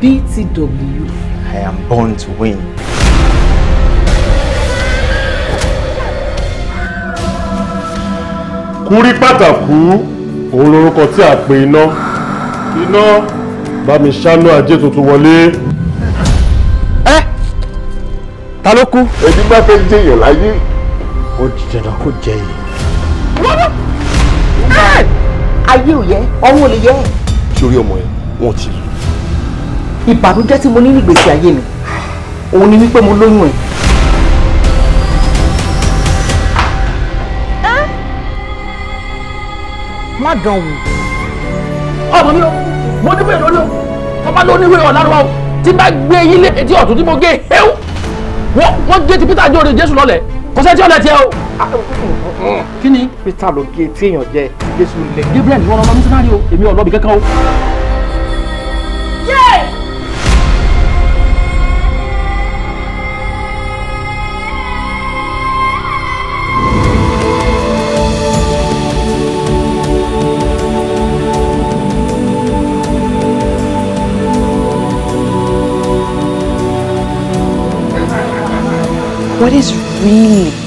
BTW. I am born to win. Kuri pàtàkù òun lorúkọ tí a pè iná. Iná bá mi ṣáná ajé tuntun wọlé. Ẹ ta ló kú? Ẹni bá fẹ́ jẹyàn láyé. Ó jẹ̀dá kó jẹ yìí. Wọ́n ayé ò yẹ, ọwọ́ ò lè yẹ. Sórí ọmọ yẹn, wọ́n ti ìbànújẹ́ tí mo ní nígbèsí ayé mi òun ni wípé mo lóyún ẹ̀. má dán wò. ọmọ mi o mo ní wèrè olóò tọ́ba ló ní wèrè ọ̀làrúwá o tí bá gbé yín lé etí ọ̀tún tí mo gé hewu wọ́n gé ti Peter ajóore Jésù lọ́lẹ̀ kò sẹ́ńtì ọ̀lẹ̀ tiẹ̀ o. kí ni. Peter ló gé tí èèyàn jẹ Jésù lè Gabriel ìwọ ọmọ mísínárì o èmi ọlọ́bì kankan o. what is really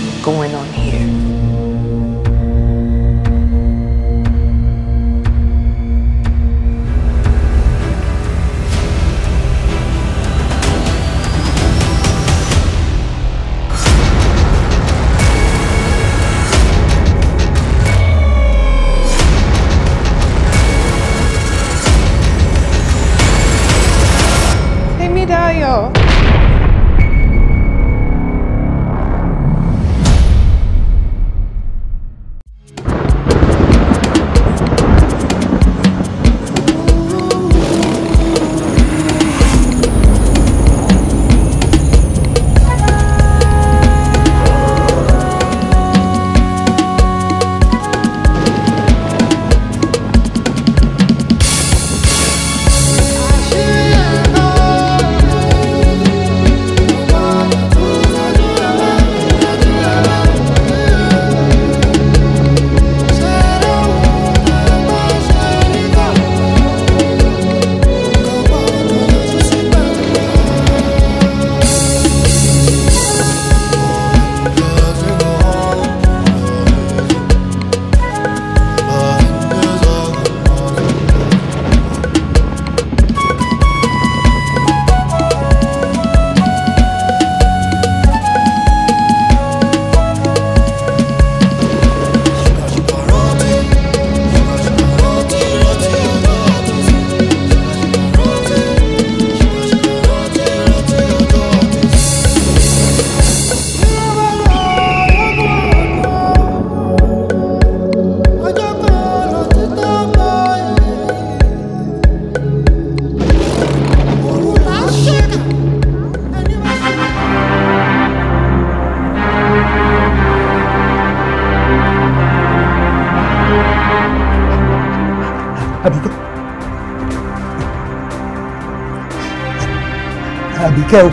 kẹ́ o.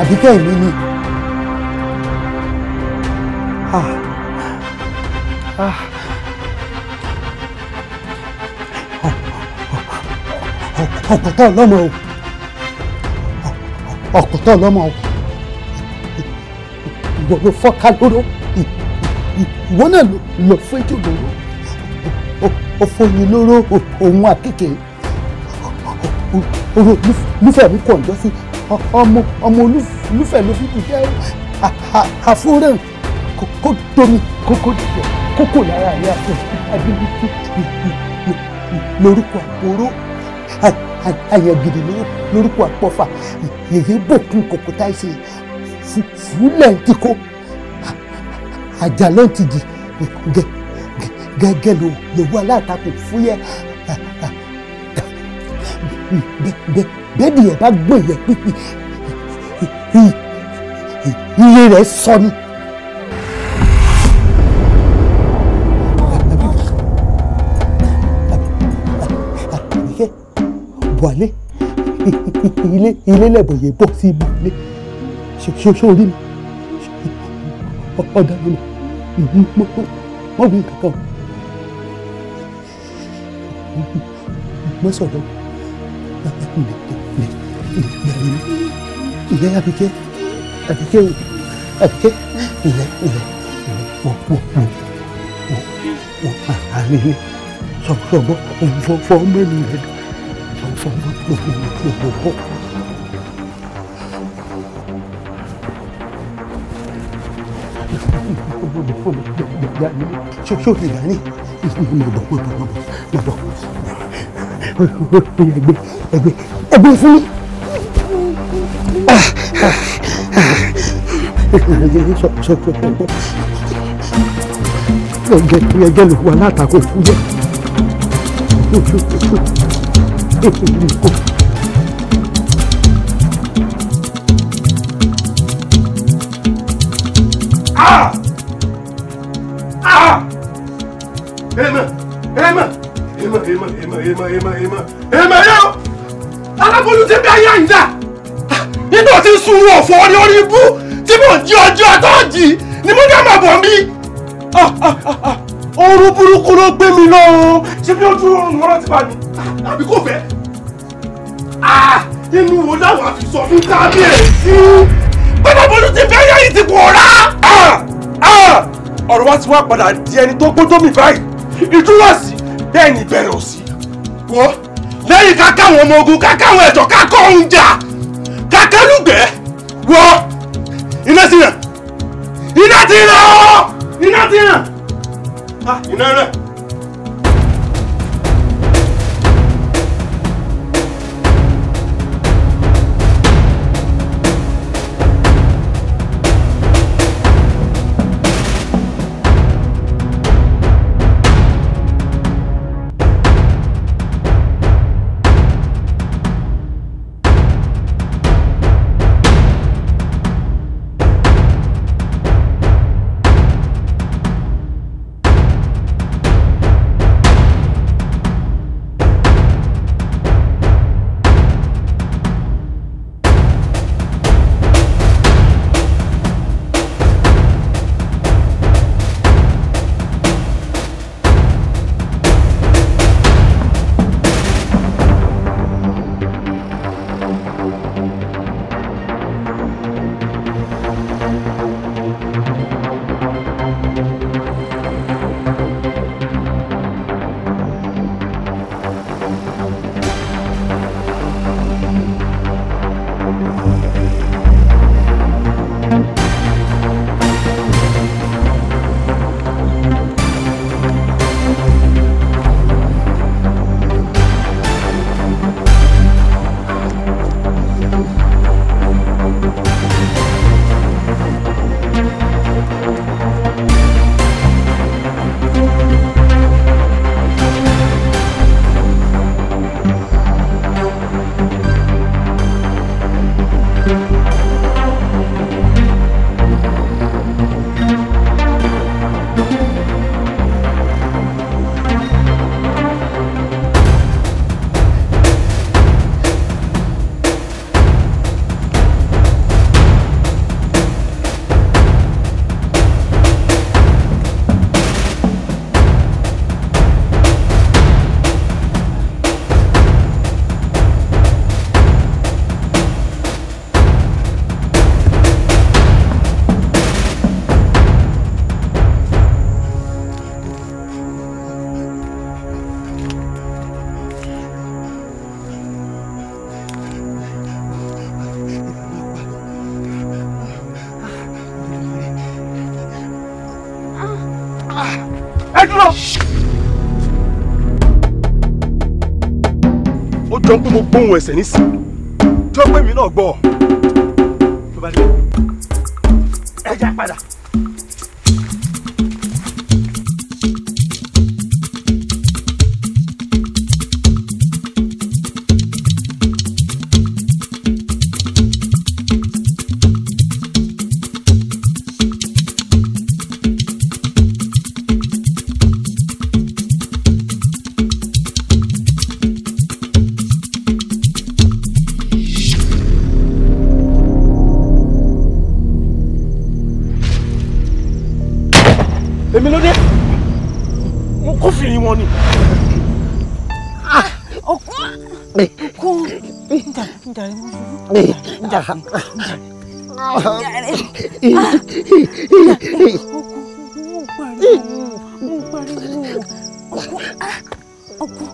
àbíkẹ́ mi ni. Ah. Ah. ọ̀pọ̀tọ̀ lọ́mọ o ọ̀pọ̀tọ̀ lọ́mọ o ìwọ ló fọ́ ká lóró ìwọ náà ló fẹ́jọ́ lóró ọ̀fọ̀yìn lóró òun àkèké olùfẹ́ mi kọ̀ ǹjọ́ sí ọmọ ọmọ olùfẹ́ ló fi dùjẹ́ àfúrẹ́hùn kó domi kókó dùjẹ́ kókó lára rẹ̀ àti àdébùtù lórúkọ àpòró àyàngìdì lórúkọ àpọ̀fà yèyé bòkun kòkòtà ìṣe fúlẹ̀ ń ti kó àjàlọ́ ń ti jì gẹ̀ẹ́ gẹ́gẹ́ ló lòwú alátakò fúyẹ́ bẹ́ẹ̀ni ẹ̀ bá gbọ́ ìyẹn pípì iye rẹ̀ sọnù. buhari ilé ilé lẹ́bọ̀yẹ̀ bọ̀ sí buhari ṣoṣo orí mi ọ̀dà mi mọ̀ mọ̀ wí kankan má sọ̀rọ̀ ilẹ̀ Àbíkẹ́ Àbíkẹ́ o Àbíkẹ́ ilẹ̀ ilẹ̀ wọ̀ wọ̀ wọ̀ wọ̀ àárín ni sọ̀gbọ́ fọ́ mẹ́rin rẹ̀ fọ́ gbogbo. Sórí ìdání mo bọ̀ mo bọ̀ mo bọ̀ ẹgbẹ́ ẹgbẹ́ ẹgbẹ́ fún mi. ẹgbẹ́ ẹgbẹ́ ló wà látàkó ìfúnjẹ́. Ah! èèmọ̀ èèmọ̀ èèmọ̀ èèmọ̀ yẹn o alábòlù ti bí ayé àyíká nínú ti sunrun ọ̀fọ̀ ni orí bú tí mò ń jí ọjọ́ àtọ́jì ni mo ní ọmọ bọ̀ mí. oorun burúkú ló gbé mi ah, ah, ah, lọ o ṣé bí ojú oorun ọ̀rọ̀ ti bá mi àbí kò fẹ́. inú wo dáwọ̀ àfi sọ fún kábíyèsí alábòlù ti bí ayé yìí ti pọ̀ rá. ọ̀rọ̀ wa ti wá padà di ẹni tó gbójú mi báyìí ìdúró sí bẹ́ẹ̀ ni ìbẹ̀rẹ̀ òsì wo lẹ́yìn ká káwọn ọmọ ogun ká káwọn ẹ̀tọ́ ká kọ́ ohun jà ká kálùgbẹ́ wo iná ti ràn iná ti ràn iná ti ràn iná rẹ̀. ohun ẹ̀sẹ̀ nísìnyí tí ó pè mí náà gbọ́ ọ. wọn ni. kó njàre mú mi njàre njàre mo pariwo mo pariwo ọkọ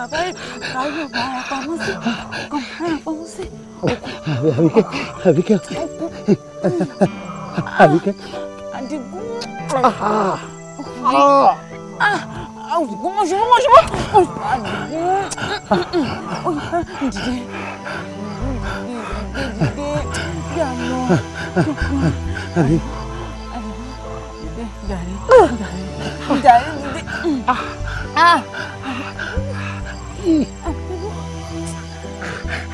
ọkọ àbíkẹ́ àbíkẹ́ àbíkẹ́ àbíkẹ́. àdìgún. Ah! Ah! Vamos, vamos, vamos! Gari. Gari. Gari. Gari. Ah! Ah!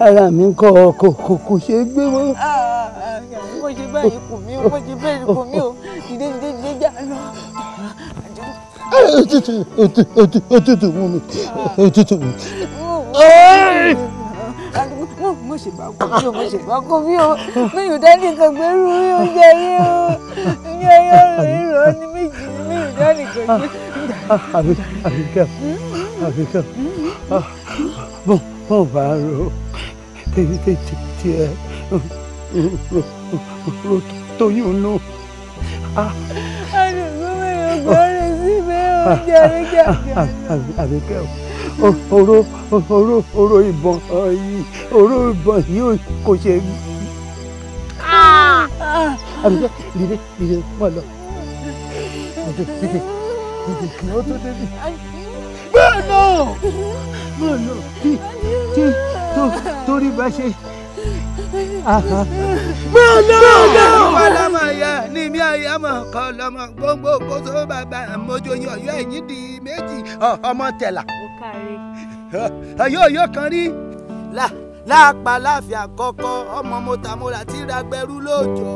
ara mi ń kọ́ kò kò kò ṣe é gbé mọ́. Ah, ah, mo ṣe báyìí kù mí o mo ṣe báyìí kù mí o dìde dìde dìde já lọ. òtútù òtútù òtútù mú mi òtútù ah. mú mo ṣe bá kó bí o mo ṣe bá kó bí o mi ò dání kan gbẹrú mi ò jẹ yé o mi ò yọ ìrọ ní mi ò dání kan gbẹrú. àbíkẹ́ àbíkẹ́ bó bó bá ro tèmi tètè tiẹ ro tóyún nù. àdùnkún mi ò gbọ́dọ̀ síbẹ̀ ó jẹ́rìí jàgbá. àbíkẹ́ o oró oró oró ìbọn yìí oró ìbọn yìí kò ṣe é. àbíkẹ́ dìde dìde wọ́n lọ dìde dìde dìde kí wọ́n tó débi gbọ́nà gbọ́nà tí tí tó torí bá ṣe. gbọ́nà gbọ́nà. ìwà lámà ya ni mi àyà mọ̀ kọ́ lọ́mọ gbogbo kóso bàbá mojú yọ̀yọ̀ ẹ̀yìn di méjì ọmọ tẹ̀là. ọyọ́ ọyọ́ kan rí. là láàpá láàfin àkọ́kọ́ ọmọ mọ́tàmọ́ra tí ra gbẹrú lóòjọ́.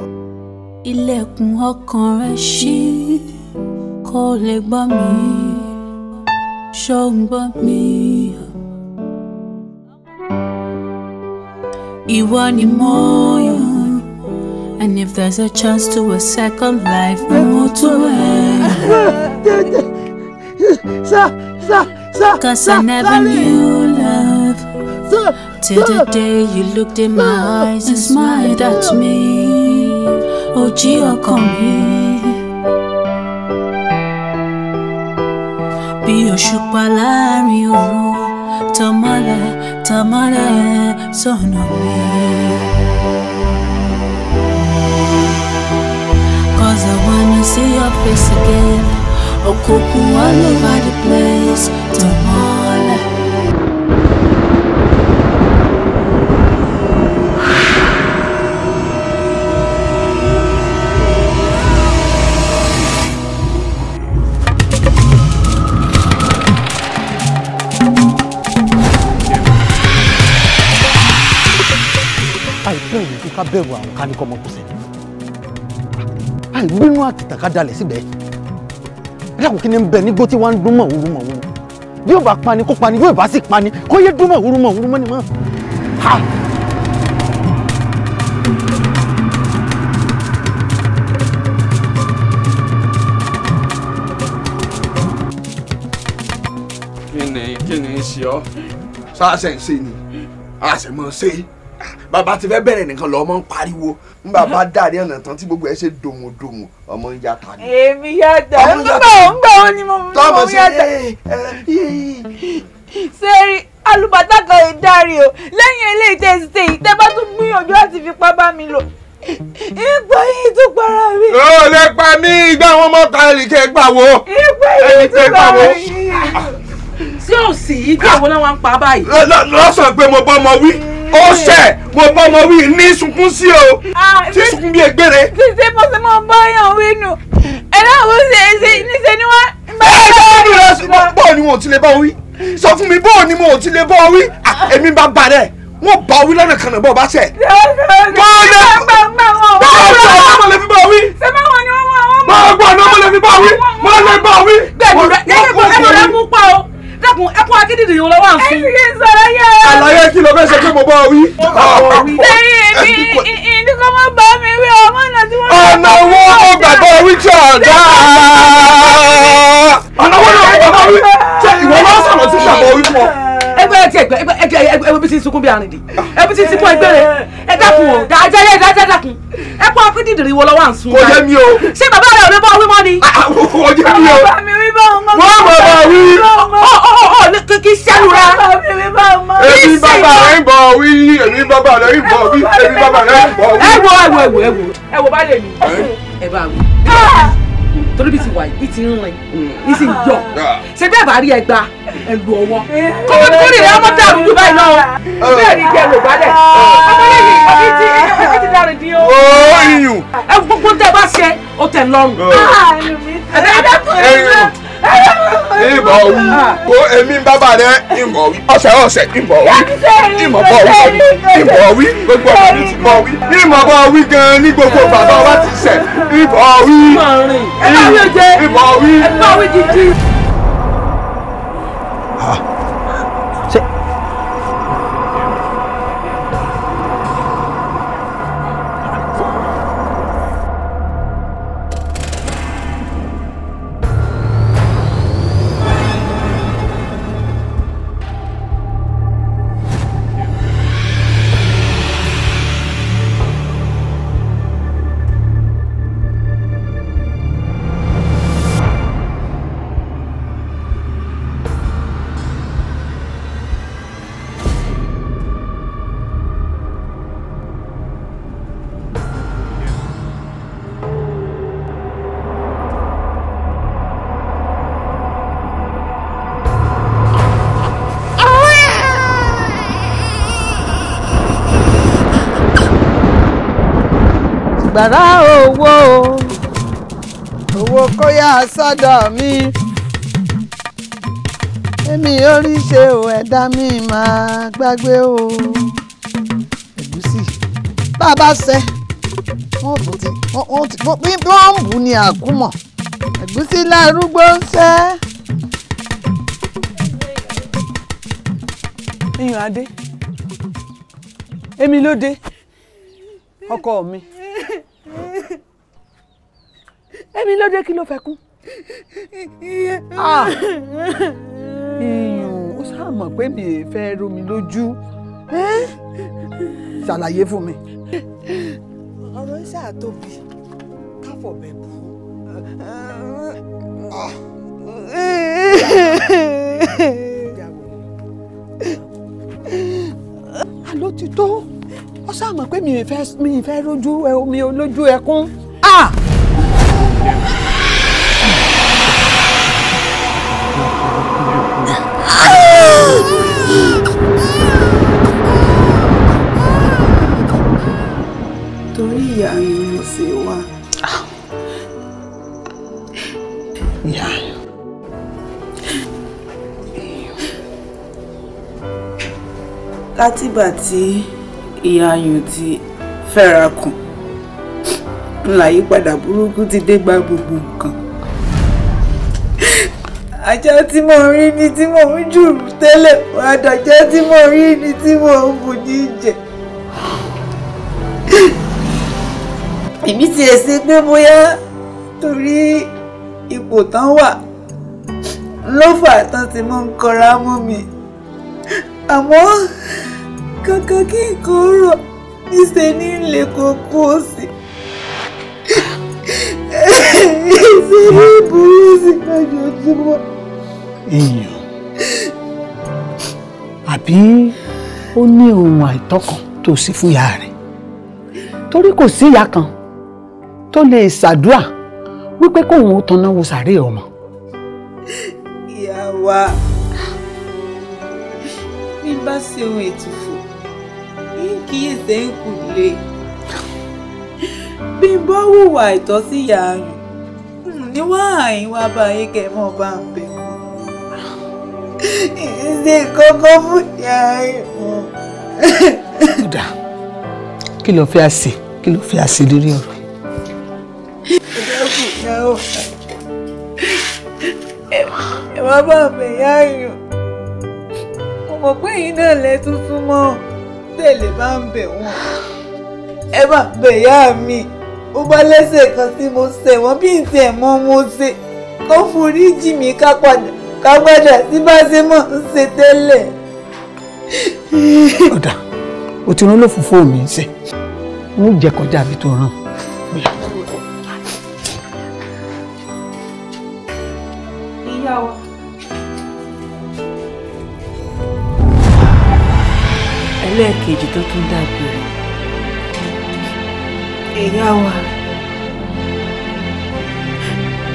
ilẹ̀kùn ọkàn rẹ̀ ṣí kó lè gbọ́ mi. shown but me Iwa ni And if there's a chance to a second life, we move to it Cause I never knew love Till the day you looked in my eyes and smiled at me Oh, you come here bí òṣùpá láàrin òru tọmọlẹ̀ tọmọlẹ̀ sọ̀nà mi. Cause I wanna see your face again, òkùnkùn all over the place tọmọlẹ̀. ká bẹ̀rù àwọn ká ní kọ́ ọmọkùsẹ̀ àìbínú àtìtàn ká dalẹ̀ síbẹ̀ ẹ dàpọ̀ kí ni ń bẹ nígbó tí wọ́n ń dún mọ̀ wúrú mọ̀ wúrú bí yóò bá pani kó pani bí yóò bá sì pani kó yé dún mọ̀ wúrú mọ̀ wúrú mọ́ ni mọ́ ha. kí ni kí ni ń ṣe ọ́ sáà ṣe ń ṣe ni a sì mọ̀ ṣe é bàbá ti fẹ́ bẹ̀rẹ̀ nìkan lọ ọmọ ń pariwo ń bàbá dàrí ọ̀nà tán tí gbogbo ẹ ṣe dòmòdòmò ọmọ ń yàtà ni. èmi yàtà ń gbà wọn ni mo mú yàtà. sẹ́rí alùpàtà kan lè dárí o lẹ́yìn eléyìí tẹ́ ẹ ti tẹ́ yìí bá tún gbìyànjú àti fipá bá mi lò ìgbà yìí tún para mi. ó lè pa mí ìgbà wọn mọ kárì kẹ gbà wo ẹni kẹ gbà wo. tí ò ìgbà wo ó ṣẹ̀ mo bá ọmọ wí ní sunkún sí o tí ah, sunkún bí egbére. ṣíṣe bó ṣe máa bá yàn wí nù ẹ náà bó ṣe ṣe níṣẹ́ ni wọ́n. ẹ ẹ ṣáà nù lọ bọ́ọ̀ ni wọn ò ti lè bá wí sọ fún mi bọ́ọ̀ ni wọn ò ti lè bá wí ah, èmi bá ba rẹ̀ wọn bá wí lọ́nà kan náà bọ́ọ̀ bá ṣẹ̀. bọ́ọ̀ lè fi bá wí. ṣé báwọn ni wọ́n máa wọ́n. bọ́ọ̀ gbọ́dọ̀ mo lè fi bá wí mo lè bá wí. bẹ́ẹ̀ ni ẹ dákun ẹ kó akíndìdì yìí lọ́wọ́ àǹfin. ẹ ṣe sọ̀rọ̀ yẹ. àlàyé kí ló fẹ́ ṣe pé mo bá wí. lẹ́yìn mi ìdí kọ́ mọ́ bá mi wí ọmọ náà tí wọ́n. ọ̀nà wo ó wí tí ọ̀nà wo ló wí. ṣé ìwọ máa sọ̀rọ̀ sí ìgbàgbọ́ wí fún ọ ẹgbẹ́ ẹ ti ẹgbẹ́ ẹgbẹ́ ẹgbẹ́ ẹgbẹ́ ẹgbẹ́ ti sunkún bí arìndì ẹbí ti sunkún ẹgbẹ́ rẹ ẹ dákun o dájẹ́ yẹ dájẹ́ dákun ẹ pọ́n fún dídìrí wo lọ́wọ́ à ń sun. kò jẹ́ mi o. ṣé bàbá rẹ̀ ò lè bọ́ wí mọ́ ni. kò jẹ́ mi o. bàbá mi wí bá ọmọ mi. wọ́n bàbá wí. ọ ọ ọ kì í ṣẹ́nu rẹ. bàbá mi wí bá ọmọ mi. èmi bàbá rẹ̀ ń bọ̀ wí èmi bàbá rẹ̀ ń bọ̀ wí èmi bàbá rẹ̀ ń bọ̀ wí. ẹ wo ẹ wo ẹ wo ẹ wo ẹ wo bá lè mi. ẹ bá wí torí bí ti wà yìí ti ń rìn yìí mm. ti ń yọ ah. ṣe bí àbárí ẹgba ẹlú ọwọ́ kọ́mọ tó lè ọmọ dàrú jù báyìí lọ oh. bẹ́ẹ̀ ni kẹ́ ló gbálẹ̀ ọmọ lẹ́yìn ọbí ah. ti ẹgbẹ́ ti darí di o. ó oh, yìnyín. ẹ gbogbo tẹ bá ṣe ó tẹ lọ́rùn. Oh. Ah, ẹ̀ẹ́dẹ́gbẹ̀rún ìmọ̀ wí kó èmi ń bábà rẹ ìmọ̀ wí ọ̀sẹ̀ ọ̀sẹ̀ ìmọ̀ wí ìmọ̀ bọ̀ wí ìmọ̀ wí gbogbo ọ̀sẹ̀ mi ti bọ̀ wí ìmọ̀ bọ̀ wí gan ní gbogbo bàbá wa ti sẹ̀ ìmọ̀ wí ìmọ̀ wí ìmọ̀ wí. àgbàrá owó owó kóyà sọ́dọ̀ mi èmi orí ṣe o ẹ̀dá mi máa gbàgbé o ẹ̀gúsí bàbá sẹ́ wọ́n bù ti wọ́n ti wọ́n bù ní àkúmọ̀ ẹ̀gúsí lárúgbó ń sẹ́. iyàn adé èmi ló dé ọkọ mi èmi ló dé kí ló fẹ́ kú. iyùn ah! ó sáà mọ̀ pé mi ì fẹ́ romi lójú eh? ṣàlàyé fún mi. ọ̀rọ̀ iṣẹ́ àtòbí káfọ̀ bẹ̀ bú. àló ti tó ó sáà mọ̀ pé mi ì fẹ́ rojú omi olójú ẹkún. Ah! torí ìyá yìí ni mo sì wá. ìyá látìgbà tí ìyá yìí ti fẹ́ra kùn ńlá yípadà burúkú ti dé bá gbogbo nǹkan ajá tí mò ń rí ni tí mò ń jù tẹ́lẹ̀ àdàjá tí mò ń rí ni tí mò ń bù ní jẹ èmi ti ẹ̀ ṣe pé bóyá torí ipò tán wà ló fà tán ti mọ ń kọra mọ́ mi àmọ́ kankan kí nǹkan rọ̀ níṣẹ́ ní ilé kókó sí i ìṣeré burú sí lójoojúmọ́. èèyàn àbí ó ní ohun àìtọ́kan tó sí fún rico rẹ̀ torí kò sí ìyá kan tó lè ṣàdúrà wípé kóun ó tanná wo sàárè ọmọ. ìyá wa bí bá ṣe ohun ètùfò ní kíyèsí ń kù lé bí bá wùwà ìtọ́síyàá níwá àyínwá báyìí kẹ́ mọ̀ bá ń bẹ̀ mọ́ ìṣe kọ́kọ́ fún ìyá ẹ̀kọ́. kódà kí ló fi àṣì kí ló fi àṣì lórí ọ̀rọ̀ yìí. ìdáàbò ìyá ọ̀hún ẹ̀wá bá mo mọ̀ pé yín náà lẹ tún súnmọ́ tẹ̀lé bá ń bẹ̀ wọ́n ẹ bá bẹ̀yà mi ó bá lẹ́sẹ̀ kan tí mo ṣẹ̀ wọ́n bí n tiẹ̀ mọ́ mo ṣe kó foríjì mi ká padà ká padà sí bá ṣe mọ̀ ń ṣe tẹ́lẹ̀. ọ̀dà o ti rán lófòfó mi ṣe n jẹ kọjá àbí tó ràn. ẹlẹ́ẹ̀kejì tó tún dàbí rẹ̀ ìyá wa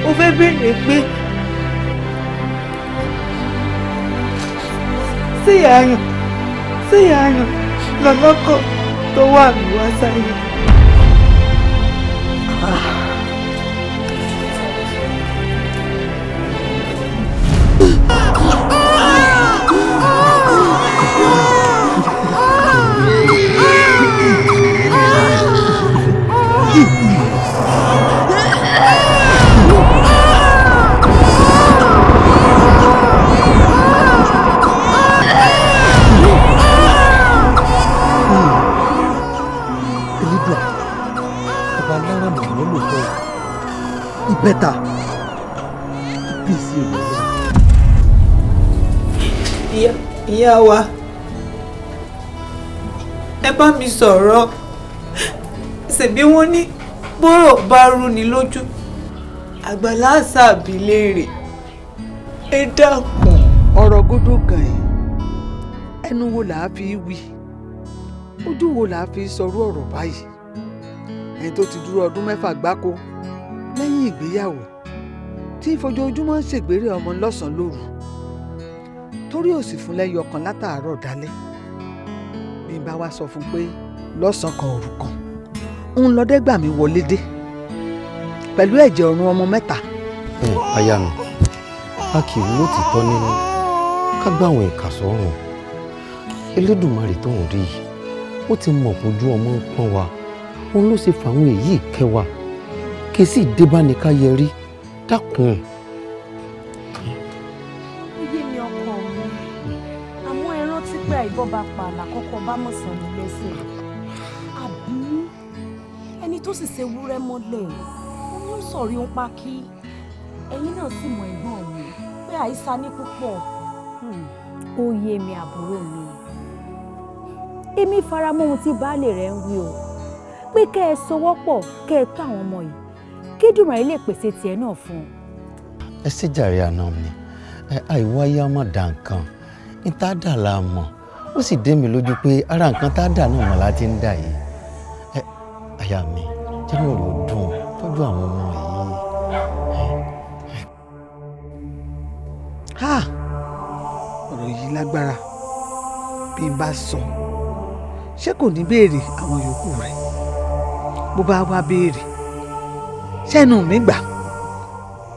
mo fẹ́ béèrè pé síyà ayàn síyà ayàn lọ́lọ́kọ̀ tó wà mí wá sáyé. Ah. better. Peace you. Ìyá ìyá wa, ẹ bá mi sọ̀rọ̀, ṣèbí wọ́n ní bọ́rọ̀ bá rúni lójú, àgbàlá àṣà àbí léèrè, ẹ dákun. Ọ̀rọ̀ gbọ́dọ̀ gan ẹ̀, ẹnu wo là á fi wí, ojú wo là á fi sọrú ọ̀rọ̀ báyìí, ẹni tó ti dúró ọdún mẹ́fà gbáko lẹ́yìn ìgbéyàwó tí ìfojoojúmọ́ ń ṣègbèrè ọmọ lọ́sàn-án lóru torí òsì fún lẹ́yìn ọkàn látàárọ̀ dálẹ́ bí n bá wá sọ fún pé lọ́sàn-án kan òru kan ń lọ dẹ́gbà mi wọlé dé pẹ̀lú ẹ̀jẹ̀ ọ̀run ọmọ mẹ́ta. aya mi a kì í lótìtọ́ nínú ká gbàwọn ìkà sọ́rùn elédùnmarè tó ń rí yìí ó ti mọ̀ pójú ọmọ ń pọ́n wa òun ló ṣe fàwọn èyí kẹwàá kì í sì débá ní ká yẹ rí dákun. iye mi ọkọ mi àmọ́ ẹ rántí pé àìbọba pààlà kọ́kọ́ bá mọ̀sán ní lẹ́sẹ̀ àbí ẹni tó sì ṣe wúrẹ́ mọ́lẹ̀ ó ń sọ̀rí ń pa kí ẹ̀yin náà sì mọ ẹ̀gbọ́n mi pé àìsà ní púpọ̀. ó hmm. yé mi àbúrò mi èmi faramọ́ ohun tí baálé rẹ̀ ń wí o pé kẹ́ ẹ sowọ́pọ̀ kẹ́ ẹ tó àwọn ọmọ yìí kédùmarè lè pèsè tiẹ̀ náà fún un. ẹ ṣe jàre àná mi àìwáyé ọmọ dà nǹkan ní tá a dà la mọ̀ ó sì dé mi lójú pé ara nǹkan tá a dà náà mọ̀ láti ń dà yìí ẹ àyà mi jẹ́ mi ò lò dùn tọ́jú àwọn ọmọ yìí. Ah! ọ̀rọ̀ yìí lágbára bí n bá sọ ṣé kò ní béèrè àwọn yòókù rẹ̀ bó bá wá béèrè sẹ́nu mi gbà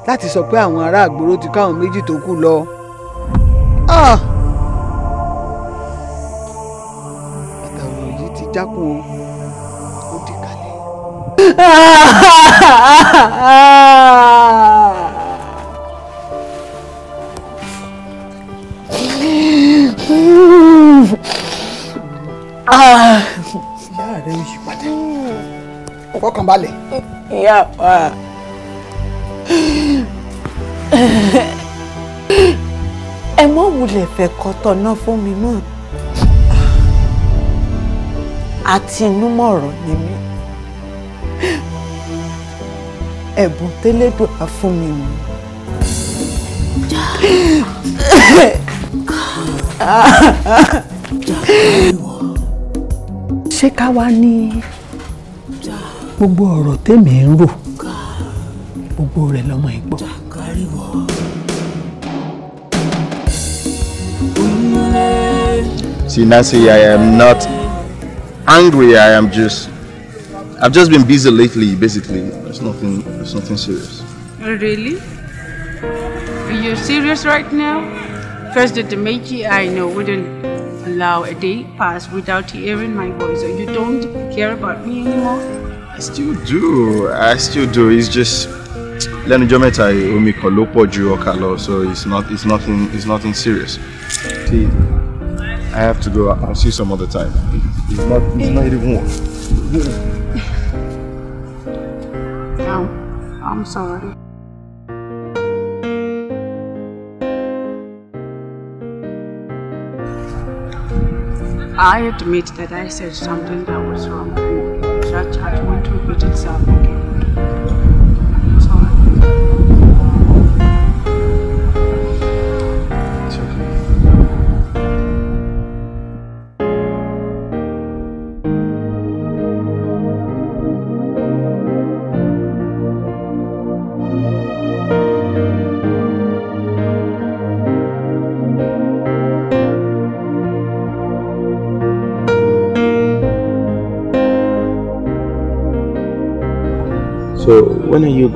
láti sọ pé àwọn ará àgbòrò ti káwọn méjì tó kù lọ. bàtà ah! ọ̀rọ̀ yìí ti jákun o ó di kalẹ̀. Ah! ìyá rẹ̀ ń yí padà ọkọ̀ kan balẹ̀ ìyá àpá ẹ mọ wulẹ̀ fẹ́ kọ́tọ̀ náà fún mi mọ́ àtinúmọ̀ràn ni mí ẹ̀bùn tẹ́lẹ̀dùà fún mi mọ́. ṣé ká wá ní. gbogbo ọ̀rọ̀ tèmi ń rò gbogbo rẹ̀ lọ́mọ ìgbọ́. See, Nancy, I am not angry. I am just, I've just been busy lately. Basically, it's nothing, it's nothing serious. Really? Are you serious right now? First, the Demeji I know wouldn't allow a day pass without hearing my voice. So you don't care about me anymore? I still do. I still do. It's just lẹ́nu jọ́ mẹ́ta omi kan so it's not it's nothing it's nothing serious. See, I have to go. I'll see you some other time. It's not it's not even warm. No, I'm sorry. I admit that I said something that was wrong. Russia judgment to repeat itself again.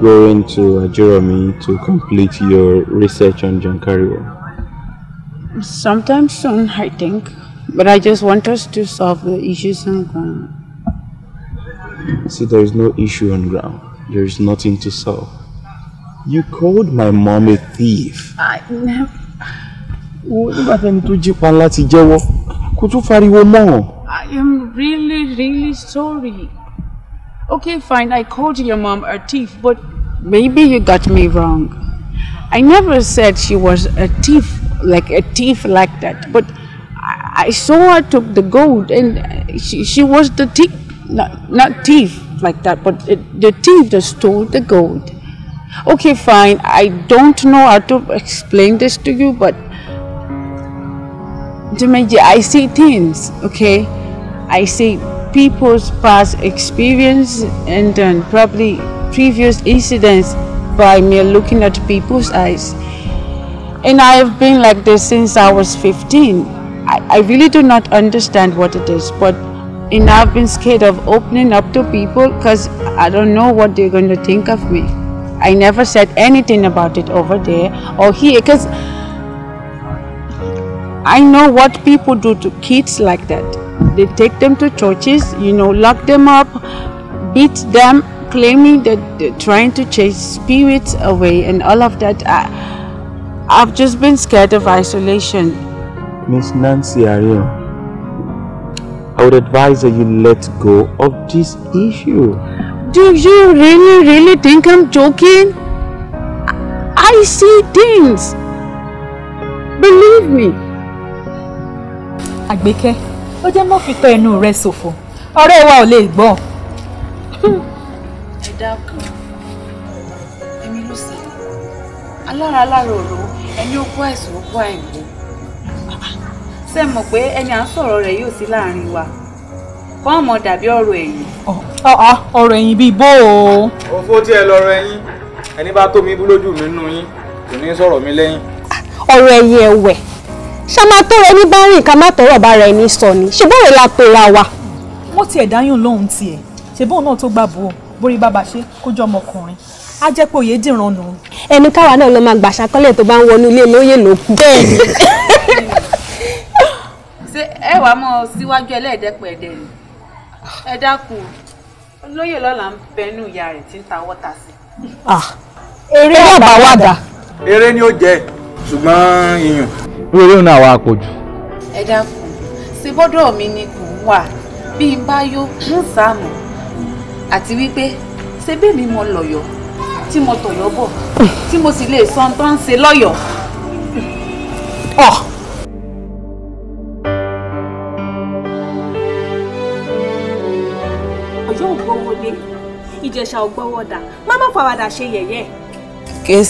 going to uh, Jeremy to complete your research on Jankario? Sometime soon, I think. But I just want us to solve the issues on ground. See, there is no issue on ground. There is nothing to solve. You called my mom a thief. I never. I am really really sorry. Okay, fine, I called your mom a thief, but maybe you got me wrong. I never said she was a thief, like a thief like that, but I, I saw her took the gold and she, she was the thief, not, not thief like that, but it, the thief that stole the gold. Okay, fine, I don't know how to explain this to you, but to I see things, okay? I see people's past experience and um, probably previous incidents by me looking at people's eyes. And I have been like this since I was 15. I, I really do not understand what it is, but and I've been scared of opening up to people because I don't know what they're going to think of me. I never said anything about it over there or here because I know what people do to kids like that. They take them to churches, you know, lock them up, beat them, claiming that they're trying to chase spirits away and all of that. I, have just been scared of isolation. Miss Nancy Ariel, I would advise that you let go of this issue. Do you really, really think I'm joking? I see things. Believe me. Agbeke, ó jẹ́ mọ́ fi ẹnu rẹ ṣòfò ọ̀rẹ́ wa ò lè gbọ́. ẹ dákun èmi ló sì alára alára òru ẹni ó kó àìsàn ó kó ṣe pé ẹni à ń rẹ̀ yóò sí láàrin wa kọ́ ọmọ dàbí ọ̀rọ̀ ẹ̀yìn. bíi bó o. tí ẹ lọ́rọ̀ ẹ̀yìn ẹni bá tó mi bú lójú mi nínú yín kò ní sọ̀rọ̀ mi lẹ́yìn. ọ̀rọ̀ ẹ̀yìn ẹ̀wẹ̀ ṣàmà tó rẹ ní bá rìn ká má tọrọ bá rẹ ní sọ ni ṣùgbọ́n rẹ la pera wa. wọ́n tiẹ̀ dáyùn lóhùn tiẹ̀ ṣèbóun náà tó gbàbó o borí bàbá ṣe kójú ọmọkùnrin á jẹ́ pé òye dìran nù. ẹni káwa náà ló máa gbàṣà kọ́lẹ̀ tó bá ń wọnú ilé lóye ló kù. bẹ́ẹ̀ni. ṣé ẹ wàá mọ síwájú ẹlẹ́ẹ̀dẹ́pẹ̀ ẹ̀dẹ̀ ni ẹ dákun lóye lọ́la ń bẹnu ìyá rẹ̀ tí ń ta wọ́tà sí. Ah, eré àbáwádà. eré ni ó jẹ ṣùgbọ́n iyùn eré náà wà pọ̀ jù. ẹ dákun ṣe bọ́dọ̀ mi ni kò ń wà bí n bá yó ń sàmù àti wípé ṣe bẹ́ẹ̀ mi mo lọ̀yọ̀ tí mo tọ̀yọ̀ bọ̀ tí mo sì lè sọ ohun tó ń ṣe lọ́yọ̀. Oh. ọjọ́ ògbọ́wọlé ìjẹ̀ṣà ògbọ́wọ́dà má má fàwàdà ṣe yẹ̀yẹ́. kèé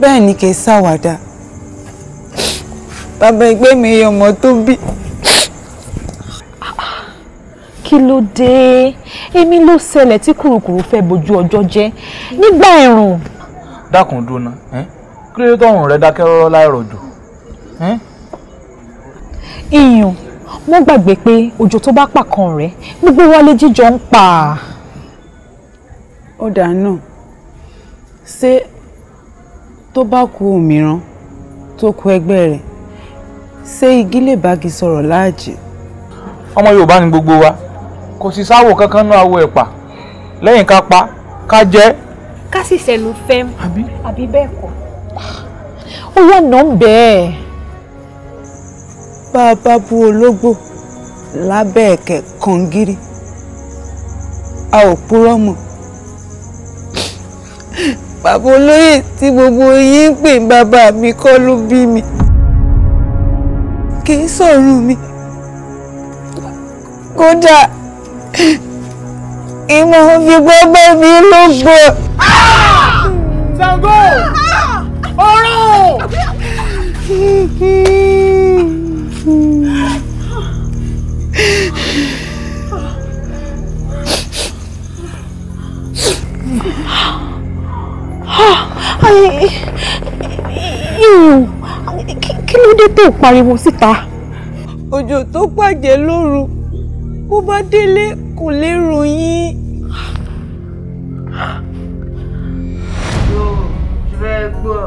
bẹ́ẹ̀ ni kèé ṣàwàdà bàbá ẹgbẹ́ mi ọmọ tó bí. kí ló dé èmi ló ṣẹlẹ̀ tí kùrùkùrù fẹ́ bojú ọjọ́ jẹ́ nígbà ẹ̀rùn. dákun dúná kí ló dé tọ̀hún rẹ dákẹ́ rọ́rọ́ láìrọ̀ jù. iyùn mo gbàgbé pé òjò tó bá pàkan rẹ gbogbo wọlé jíjọ ń pa. ó dà náà ṣé tó bá ku òmíràn tó ku ẹgbẹ́ rẹ̀ ṣé igi lè bági sọ̀rọ̀ láàjì. ọmọ yorùbá ni gbogbo wa kò sì sáwò kankan náà wo ẹ̀pà lẹ́yìn ká pa ká jẹ. ká sì sẹ́nu fẹ́m àbí bẹ́ẹ̀ kọ́. ó yà nà ń bẹ́ẹ̀. bá a bá bú ológbò lábẹ́ ẹ̀kẹ́ kọ̀ǹgírí a ò purọ́ mọ́ bàbá olóyè tí gbogbo yín ń pè bàbá mi kọ́ ló bí mi kì í sọ̀rọ̀ mi kódà ìmọ̀ fi gbogbo mi ló Ha, Ṣàngó ọ̀rọ̀. Ay, you kí ló dé tó pariwo síta. òjò tó pàjẹ́ lóru bó bá délé kò lè ròyìn. yóò fẹ́ gbọ́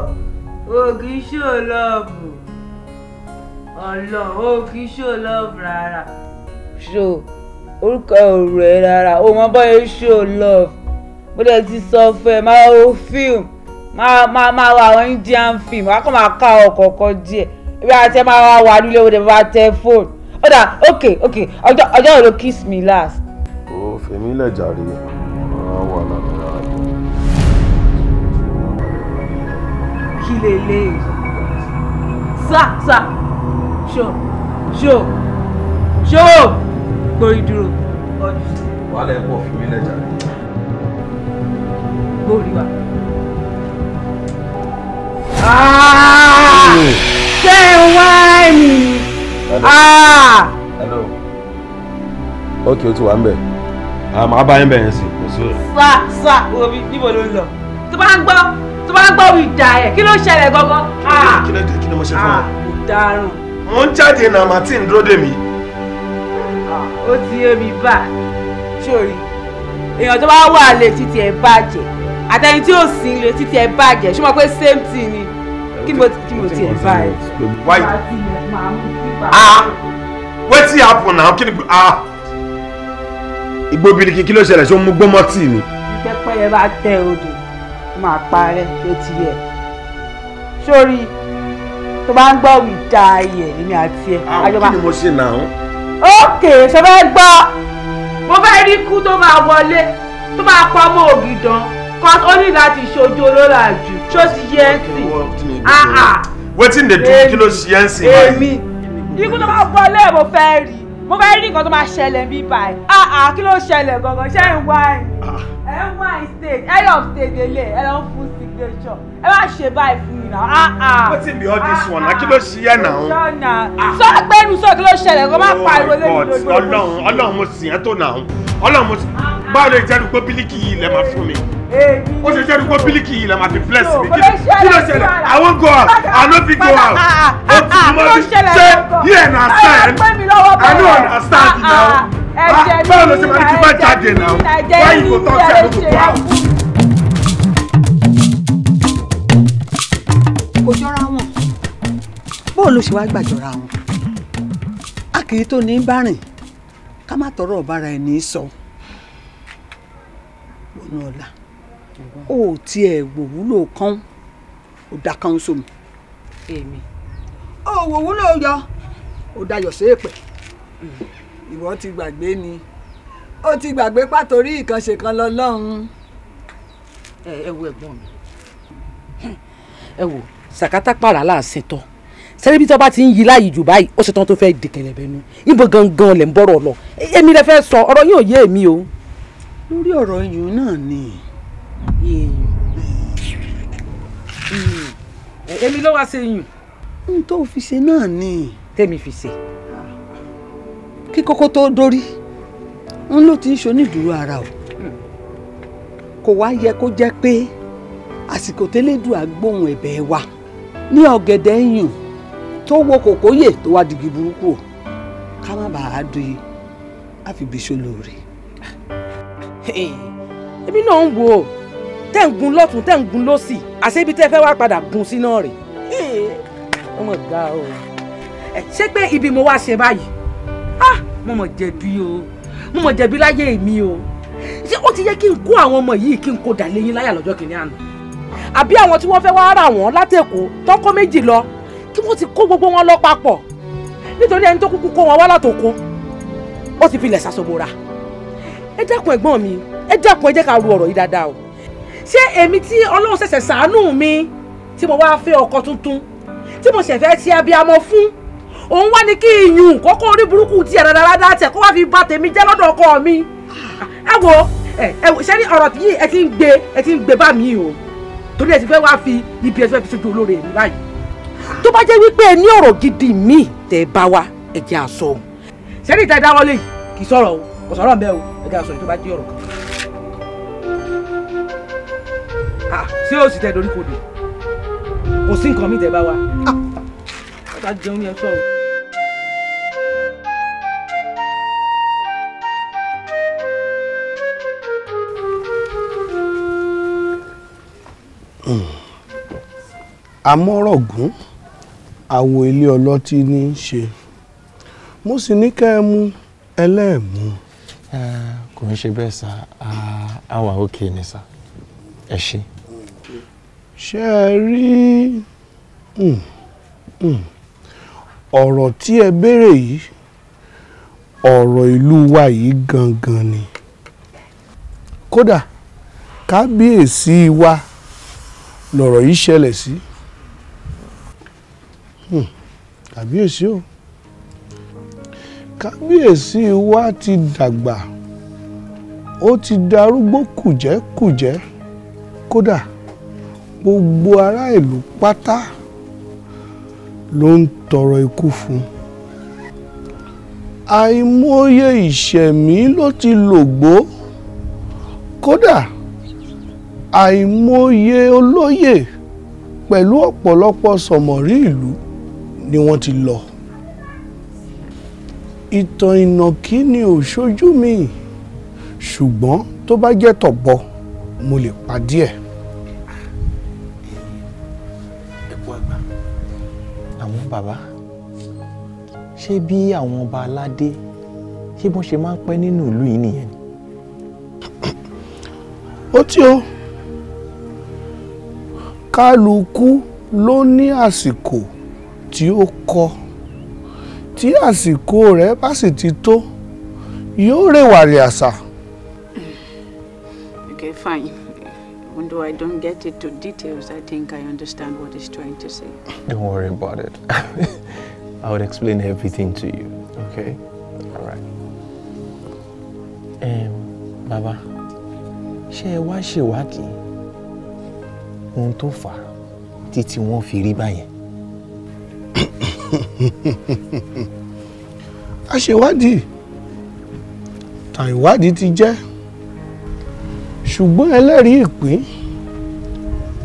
ògì ṣòlọ́ọ̀bù ọ̀lọ́ ògì ṣòlọ́ọ̀bù rárá. ṣò orúkọ ọ̀rọ̀ ẹ̀ rárá o mọ bọ́yẹ ṣòlọ́ọ̀bù mo dẹ̀ ti sọ fún ẹ máa wo fíìmù máa máa wo àwọn Indian film wàá kàn máa ká ọkọ̀ díẹ̀ bí a tẹ máa wá wà nílé òde bá tẹ fóònù ó dà ok ok ọjọ́ ọjọ́ òru kiss me last. o fèmí lẹ jàre máa wà lábẹ́rẹ́ àjọ. kí lè lè sá sá ṣó ṣó ṣó gbórí dúró. wàhálà ẹ̀ pọ̀ fèmí lẹ jàre. gbórí wa. Ah! ṣé ẹ wá ẹ̀mí. Ah. hello ok o ti wà ń bẹ̀ ah, màá bá yín bẹ̀ yẹn sí kò sí rẹ̀. sá sá omi níbo ló ń lọ tó bá ń gbọ́ tó bá ń gbọ́ ìjà ẹ̀ kí ló ń ṣẹlẹ̀ gangan. kí ló dé ah. kí ló mo ṣe fún ọ. ìdarùn. mo ń jáde náà martin dúró dè mí. ó ti yé mi bá sórí èèyàn tó bá wà lè títí ẹ bàjẹ́ àtẹni tí ò sí lè títí ẹ bàjẹ́ ṣé pé same thing ni kí mo kí mo tiẹ̀ báyìí. ah wetin happen now kí ni ah igbó biriki kí ló ṣẹlẹ̀ ṣé ó mú gbọ́mọ́ tì ni. ìjẹ́pẹ́ yẹn bá tẹ odò máa parẹ́ ló ti yẹ sórí tó bá ń gbọ́ wì dá ayẹ̀ èmi àti ẹ̀. àwọn ah, kí ni mo ṣe náà. ókè ṣe fẹ́ gbọ́ mo fẹ́ rí ikú tó máa wọlé tó máa pa ọmọ ògìdán kọ́ ó ní láti ṣojú olóra jù ṣó ti yẹ ẹ sí àhà. Ah, ah. wetin dey do kí ló ṣe ẹ ń sìn báyìí. èmi ikú tó máa bọ́ lẹ́ẹ̀ mo fẹ́ rí mo fẹ́ rí nǹkan tó máa ṣẹlẹ̀ bí báyìí àhà ah, kí ṣẹlẹ̀ gangan ṣé ń wá ẹ̀ ẹ̀ ń wá ẹ̀ stage ẹ̀ lọ stage délé ẹ̀ lọ fún signature ẹ má ṣe báyìí fún mi náà àhà. wetin be all this one na kí ló ṣe ẹ náà. sọ pé inú sọ kí ló ṣẹlẹ̀ kó má oh pariwo lórí lórí. ọlọ́run ọlọ́run mo sì yẹn tó náà ọlọ́run mo sì báwo lè jẹ́ dùgbò bílíkì yìí lẹ́ máa fún mi ó ṣe jẹ́ dùgbò bílíkì yìí lẹ́ máa ti bless mi kí ló ṣẹlẹ̀ I wan go out I no fit go out ah, ah, ó ah, ti mọ́ bí ṣe yíyẹ na sign I no understand it now báwo ló ṣe máa ní kí n bá jáde now why you go talk say I no go go out. kò jọra wọn bóun ló ṣe wá gbàjọra wọn a kì í tó ní bá rìn ká má tọrọ ọ̀bára ẹni sọ. So ní ọ̀la ó tiẹ̀ wòwúlò kán ó da kán sómi. èmi. ó wòwúlò yọ ó dayọ̀ sí èpè ìwọ ti gbàgbé ni ó ti gbàgbé pátórí ìkànṣe kan lọ lọ́hùn-ún. ẹ ẹ wo ẹ̀gbọ́n mi ẹ wò sàkátà pààrà láàsìn tọ sẹ́ríbí tó bá ti ń yí láàyè jù báyìí ó ṣetán tó fẹ́ẹ́ dìkẹ̀lẹ̀ bẹ́ẹ̀ nu ibo gangan lẹ̀ ń bọ̀rọ̀ lọ èmi rẹ fẹ́ sọ ọ̀rọ̀ yóò yé èmi o lórí ọ̀rọ̀ iyùn náà ni iyùn èmi ló wá ṣe iyùn. n tó fi ṣe náà ni. tẹ́mi fi ṣe. kí kókó tó dórí n ló ti ń ṣonídùúró ara o hmm. kò wá yẹ kó jẹ́ pé àsìkò tẹ́lẹ́dùn àgbóhùn ẹ̀bẹ̀ wa ní ọ̀gẹ̀dẹ̀ iyùn tó wo kòkóyè tó wá digi burúkú ká má bàa di àfibíṣó lóore èmi náà ń wò ó tẹ́ ń gun lọ́tún tẹ́ ń gun lọ́sì àṣebi tẹ́ fẹ́ wá padà gun sí náà rè ọmọ ga o ṣé pé ibi mo wá ṣe báyìí ah mo mọ̀ jẹ̀bi o mo mọ̀ jẹ̀bi láyé mi o ṣé ó ti yẹ kí n kó àwọn ọmọ yìí kí n kó dà lẹ́yìn láyà lọ́jọ́ kìíní àná àbí àwọn tí wọ́n fẹ́ wá rà wọ́n látẹ̀kọ́ tọ́kọ méjì lọ kí wọ́n ti kó gbogbo wọn lọ papọ̀ nítorí ẹni tó kúkú kó wọn wá látòkó ó ti filẹ̀ sàṣọ̀bọ̀ra ẹ dákun ẹ̀gbọ́n mi ẹ dákun ẹ jẹ́ ká ro ọ̀rọ̀ yìí dáadáa o ṣé èmi tí ọlọ́run ṣẹ̀ṣẹ̀ sàánú mi tí mo wáá fẹ́ ọkọ tuntun tí mo ṣẹ̀fẹ́ ti abiyamọ fún òun wá ní kí iyùn kókó orí burúkú tiẹ̀ rádaràdá tẹ̀ kó wá fi bà tèmi jẹ́ lọ́dọ̀ ọkọ mi ẹ wo ẹ ṣe ní ọ̀rọ̀ yìí ẹ ti ń gbé ẹ ti ń gbé bá mi o torí ẹ ti fẹ́ wá fi ibi ẹ ti fẹ́ fi ṣojú olóore mi báyìí tó bá jẹ́ wípé ẹ ní ọ̀rọ̀ gidi míì tẹ̀ bá wa ẹ jẹ́ àsọ ṣẹ́ni ìta ìdáwọ́lé kì í sọ̀rọ̀ o kò sọ̀rọ̀ bẹ́ẹ̀ o ẹ̀jẹ̀ àṣọ yìí tó bá jẹ́ ọ̀rọ̀ kan. ṣé o sì tẹ dorí kodò kò sí nǹkan mi tẹ bá wa ọ̀tá jẹun ni ẹ sọ̀rọ̀. amọ́rọ̀gún àwo ilé ọlọ́tí ní í ṣe mo sì ní ká ẹ mú ẹlẹ́ẹ̀mú. Eh, kò ń ṣe bẹ́ẹ̀ sá a wà òkè ni sá ẹ ṣe. ṣé ẹ rí hmm, hmm, ọ̀rọ̀ tí ẹ béèrè yìí ọ̀rọ̀ ìlú wa yìí gangan ni kódà kábíyèsí wa lọ̀rọ̀ yìí ṣẹlẹ̀ sí hmm, kábíyèsí o. Hmm kábíyèsí wa ti dàgbà ó ti darúgbó kùjẹ́kùjẹ́ kódà gbogbo ará ìlú pátá ló ń tọrọ ikú fún àìmọye ìṣẹ̀mí ló ti lògbó kódà àìmọye olóyè pẹ̀lú ọ̀pọ̀lọpọ̀ sọ̀mọ̀rí ìlú ni wọ́n ti lọ ìtàn ìnàkí ni ò ṣojú mi ṣùgbọ́n tó bá jẹ́ tọ̀bọ mo lè pa díẹ̀. ẹ̀kú àgbà àwọn bàbá ṣé bí àwọn ọba aládé ṣé bọ́n ṣe máa ń pẹ́ nínú ìlú yìí nìyẹn ni. ó tí o kálukú ló ní àsìkò tí ó kọ tí àsìkò rẹ̀ bá sì ti tó yóò rèwàlẹ̀ àṣà. Okay, fine. Although I don't get into details, I think I understand what he's trying to say. Don't worry about it. I will explain everything to you, okay? All right. Um, Baba, ṣé ẹ wá ṣèwádìí ohun tó fà á títí wọ́n fi rí báyẹn? a ṣèwádìí ta ìwádìí ti jẹ́ ṣùgbọ́n ẹlẹ́rìí ìpín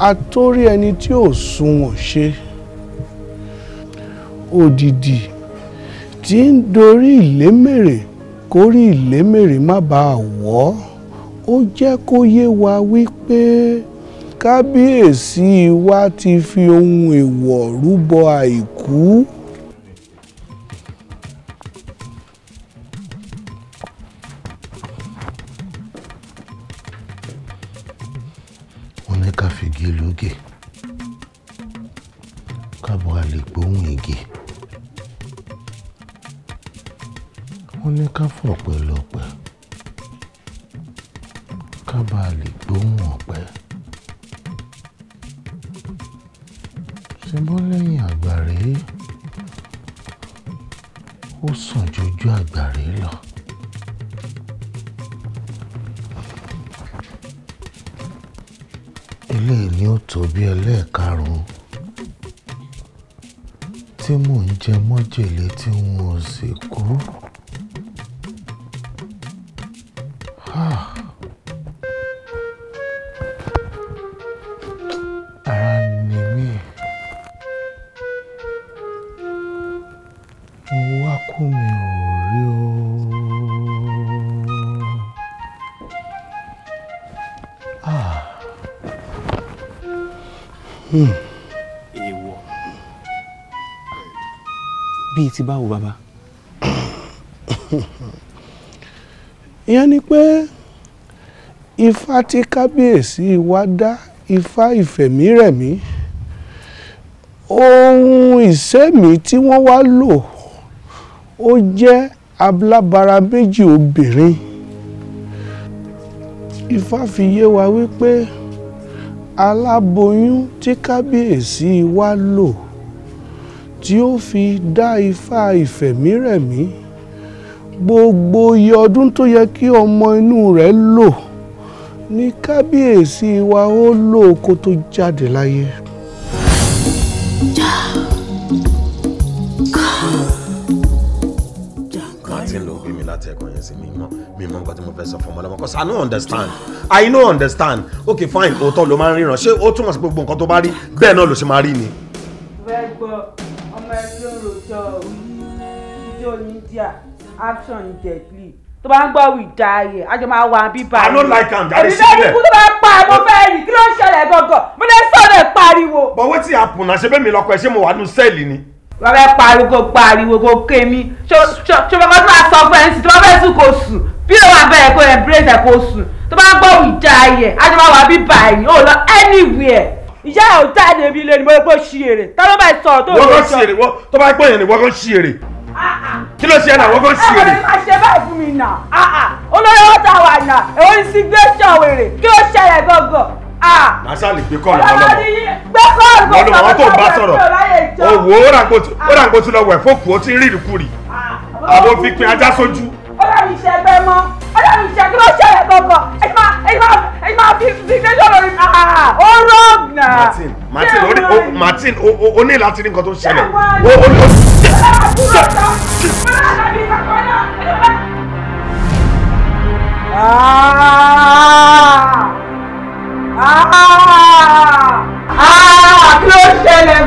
atórí ẹni tí ò sunwọ̀n ṣe òdìdì tí ń dorí ìlémèrè kórí ìlémèrè má bàa wọ̀ ó jẹ́ kó yé wa wípé kábíyèsí wa ti fi ohun èèwọ̀ rúbọ àìkú. ti báwo bàbá. ìyẹn ni pé ifá tí kábíyèsí wa dá ifá ìfẹ̀mírẹ̀mí ohun ìsẹ́mi tí wọ́n wá lò ó jẹ́ ablábara méjì obìnrin ifá fi yé wa wípé aláboyún tí kábíyèsí wa lò tí ó fi dá ifá ìfẹ̀mírẹ̀mí gbogbo iye ọdún tó yẹ kí ọmọ inú rẹ̀ lò ní kábíyèsí wa ó lò kó tó jáde láyé. láti ẹ̀kọ́ yẹn sí mi mọ́ mi mọ́ nǹkan tí mo fẹ́ sọ fún ọmọ ọlọ́mọ cause I no understand I no understand okay fine òótọ́ ló máa ń ríran ṣé ó túmọ̀ sí gbogbo nǹkan tó bá rí bẹ́ẹ̀ náà ló ṣe máa rí ni. bẹ́ẹ̀ gbọ́ social media action deadly tó bá ń gbọ́ wì dáyé àjọ máa wà bíbá yìí. I don't like am jáde sílẹ̀. èmi lẹ́yìn ikú tó bá pa àmọ́ fẹ́ yìí kí ló ń ṣẹlẹ̀ gangan mo lè sọ̀rọ̀ ẹ̀ pariwo. but wetin happen na ṣe bẹ́ẹ̀ mi lọkọ ẹ ṣé mo wà nù sẹ́ẹ̀lì ni. wọ́n fẹ́ pariwo kó pariwo kó ké mi ṣọlọ́kọ́ tó bá sọ fún ẹ̀ ń sìn tó bá fẹ́ sùn kó sùn bí ló wà bẹ̀rẹ̀ kó embrace ẹ̀ kó sùn tó bá gbọ́ wì dáyé àjọ máa wà bíbá yìí ò lọ anywhere ìyá ẹ̀ ò jáde ibi ilé ni mo lè pé ó ṣiyèrè tá ló bá sọ̀rọ̀ kí ló ṣe ẹ̀ náà wọ́n kò sí èrè. ẹ máa ṣe báyìí fún mi nà ah, ah. olórí owó tá a wà nà èwo ní sí gbé ṣọ̀wèrè kí ló ṣẹlẹ̀ gọ́gọ́. Ah. màṣá lè gbé kọ́ọ̀lù wọn lọ́wọ́ gbé kọ́ọ̀lù wọn lọ́wọ́ tó bá sọ̀rọ̀ owó ó ràǹkó tí lọ wẹ̀ fókù ó ti ń rí ìrìkúrì àwọn fi pin ajá sójú. ó dàbí iṣẹ́ ẹgbẹ́ mọ́ ọlọ́run Martin Martin o Martin o o o ní láti ní nǹkan tó ń ṣẹlẹ̀ o o ní. kí ló ṣẹlẹ̀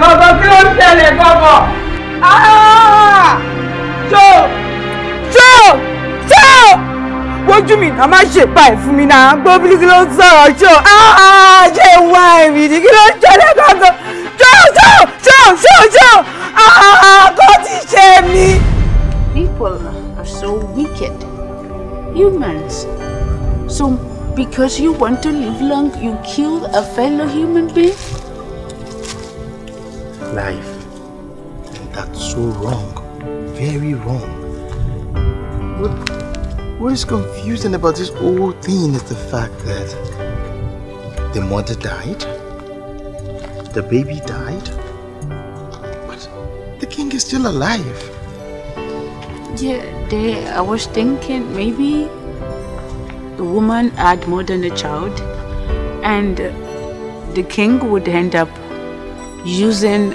gangan kí ló ṣẹlẹ̀ gangan. Ah, lójú mi náà má ṣe pa ẹ̀ mi náà gbóbílì kí ló ń sọ̀rọ̀ jọ ṣe wá ìrìndì kí ló ń jọ lẹ́kọ̀ọ́ jọ jọ jọ jọ jọ kò ti ṣe mí. People are so wicked. Humans. So because you want to live long, you kill a fellow human being? Life. That's so wrong. Very wrong. Good. What is confusing about this whole thing is the fact that the mother died, the baby died, but the king is still alive. Yeah, they, I was thinking maybe the woman had more than a child and the king would end up using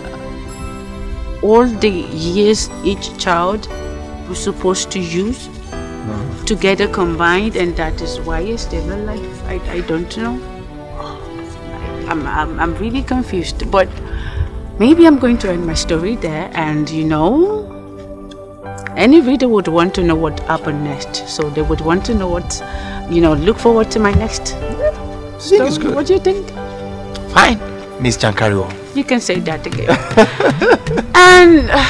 all the years each child was supposed to use together combined, and that is why it's still alive. I, I don't know. I, am I'm, I'm really confused, but maybe I'm going to end my story there. And you know, any reader would want to know what happened next, so they would want to know what, you know, look forward to my next. Yeah, Good. What do you think? Fine, Miss Giancario. You can say that again. and uh,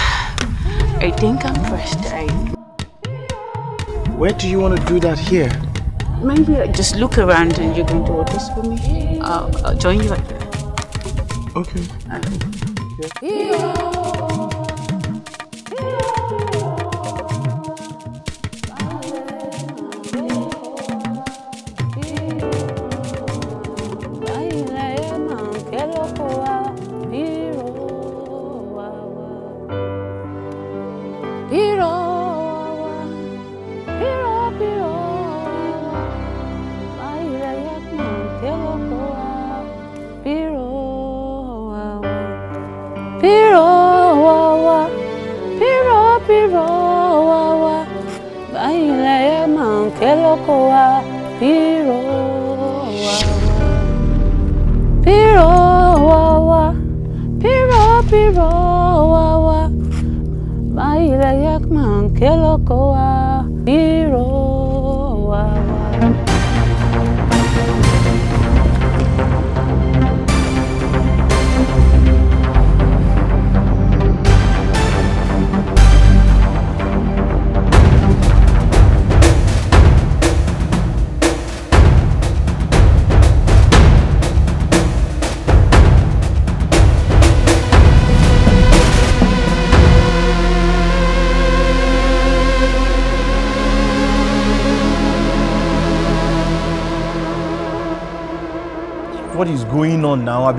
I think I'm fresh. I. Where do you want to do that here? Maybe uh, just look around and you can do this for me. I'll, I'll join you. Okay. okay.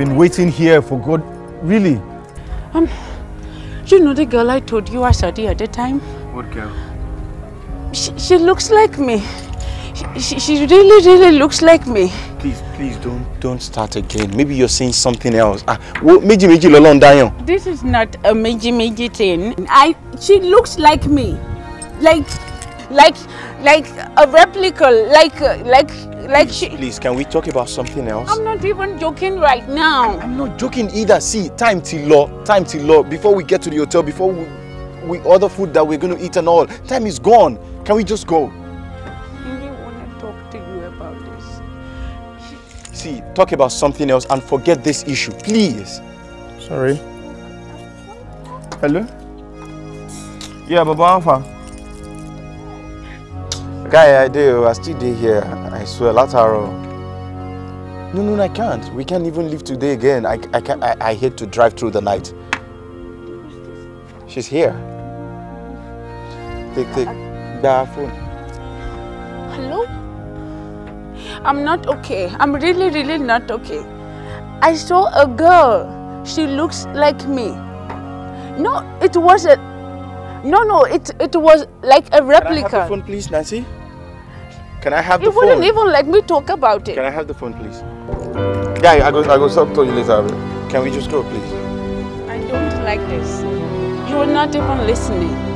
been waiting here for God, really. Um, you know the girl I told you I saw the other time? What girl? She, she looks like me. She, she, she really, really looks like me. Please, please don't don't start again. Maybe you're saying something else. Ah, well, meji meji lolon dayon. This is not a meji meji thing. I she looks like me. Like like like a replica, like like like please, she. Please, can we talk about something else? I'm not even joking right now. I'm not joking either. See, time till law, time till law. Before we get to the hotel, before we, we order food that we're going to eat and all, time is gone. Can we just go? See, talk about something else and forget this issue, please. Sorry. Hello? Yeah, Baba Alpha. Guy, I do. I still do here. I swear, Lataro. No, no, I can't. We can't even leave today again. I, I, can, I, I hate to drive through the night. She's here. Take, take. The phone. Hello? I'm not okay. I'm really, really not okay. I saw a girl. She looks like me. No, it wasn't. No, no, it, it was like a replica. Can I have the phone, please, Nancy? Can I have you the phone? You wouldn't even let me talk about it. Can I have the phone, please? Yeah, I go, I go talk to you later. Can we just go, please? I don't like this. You're not even listening.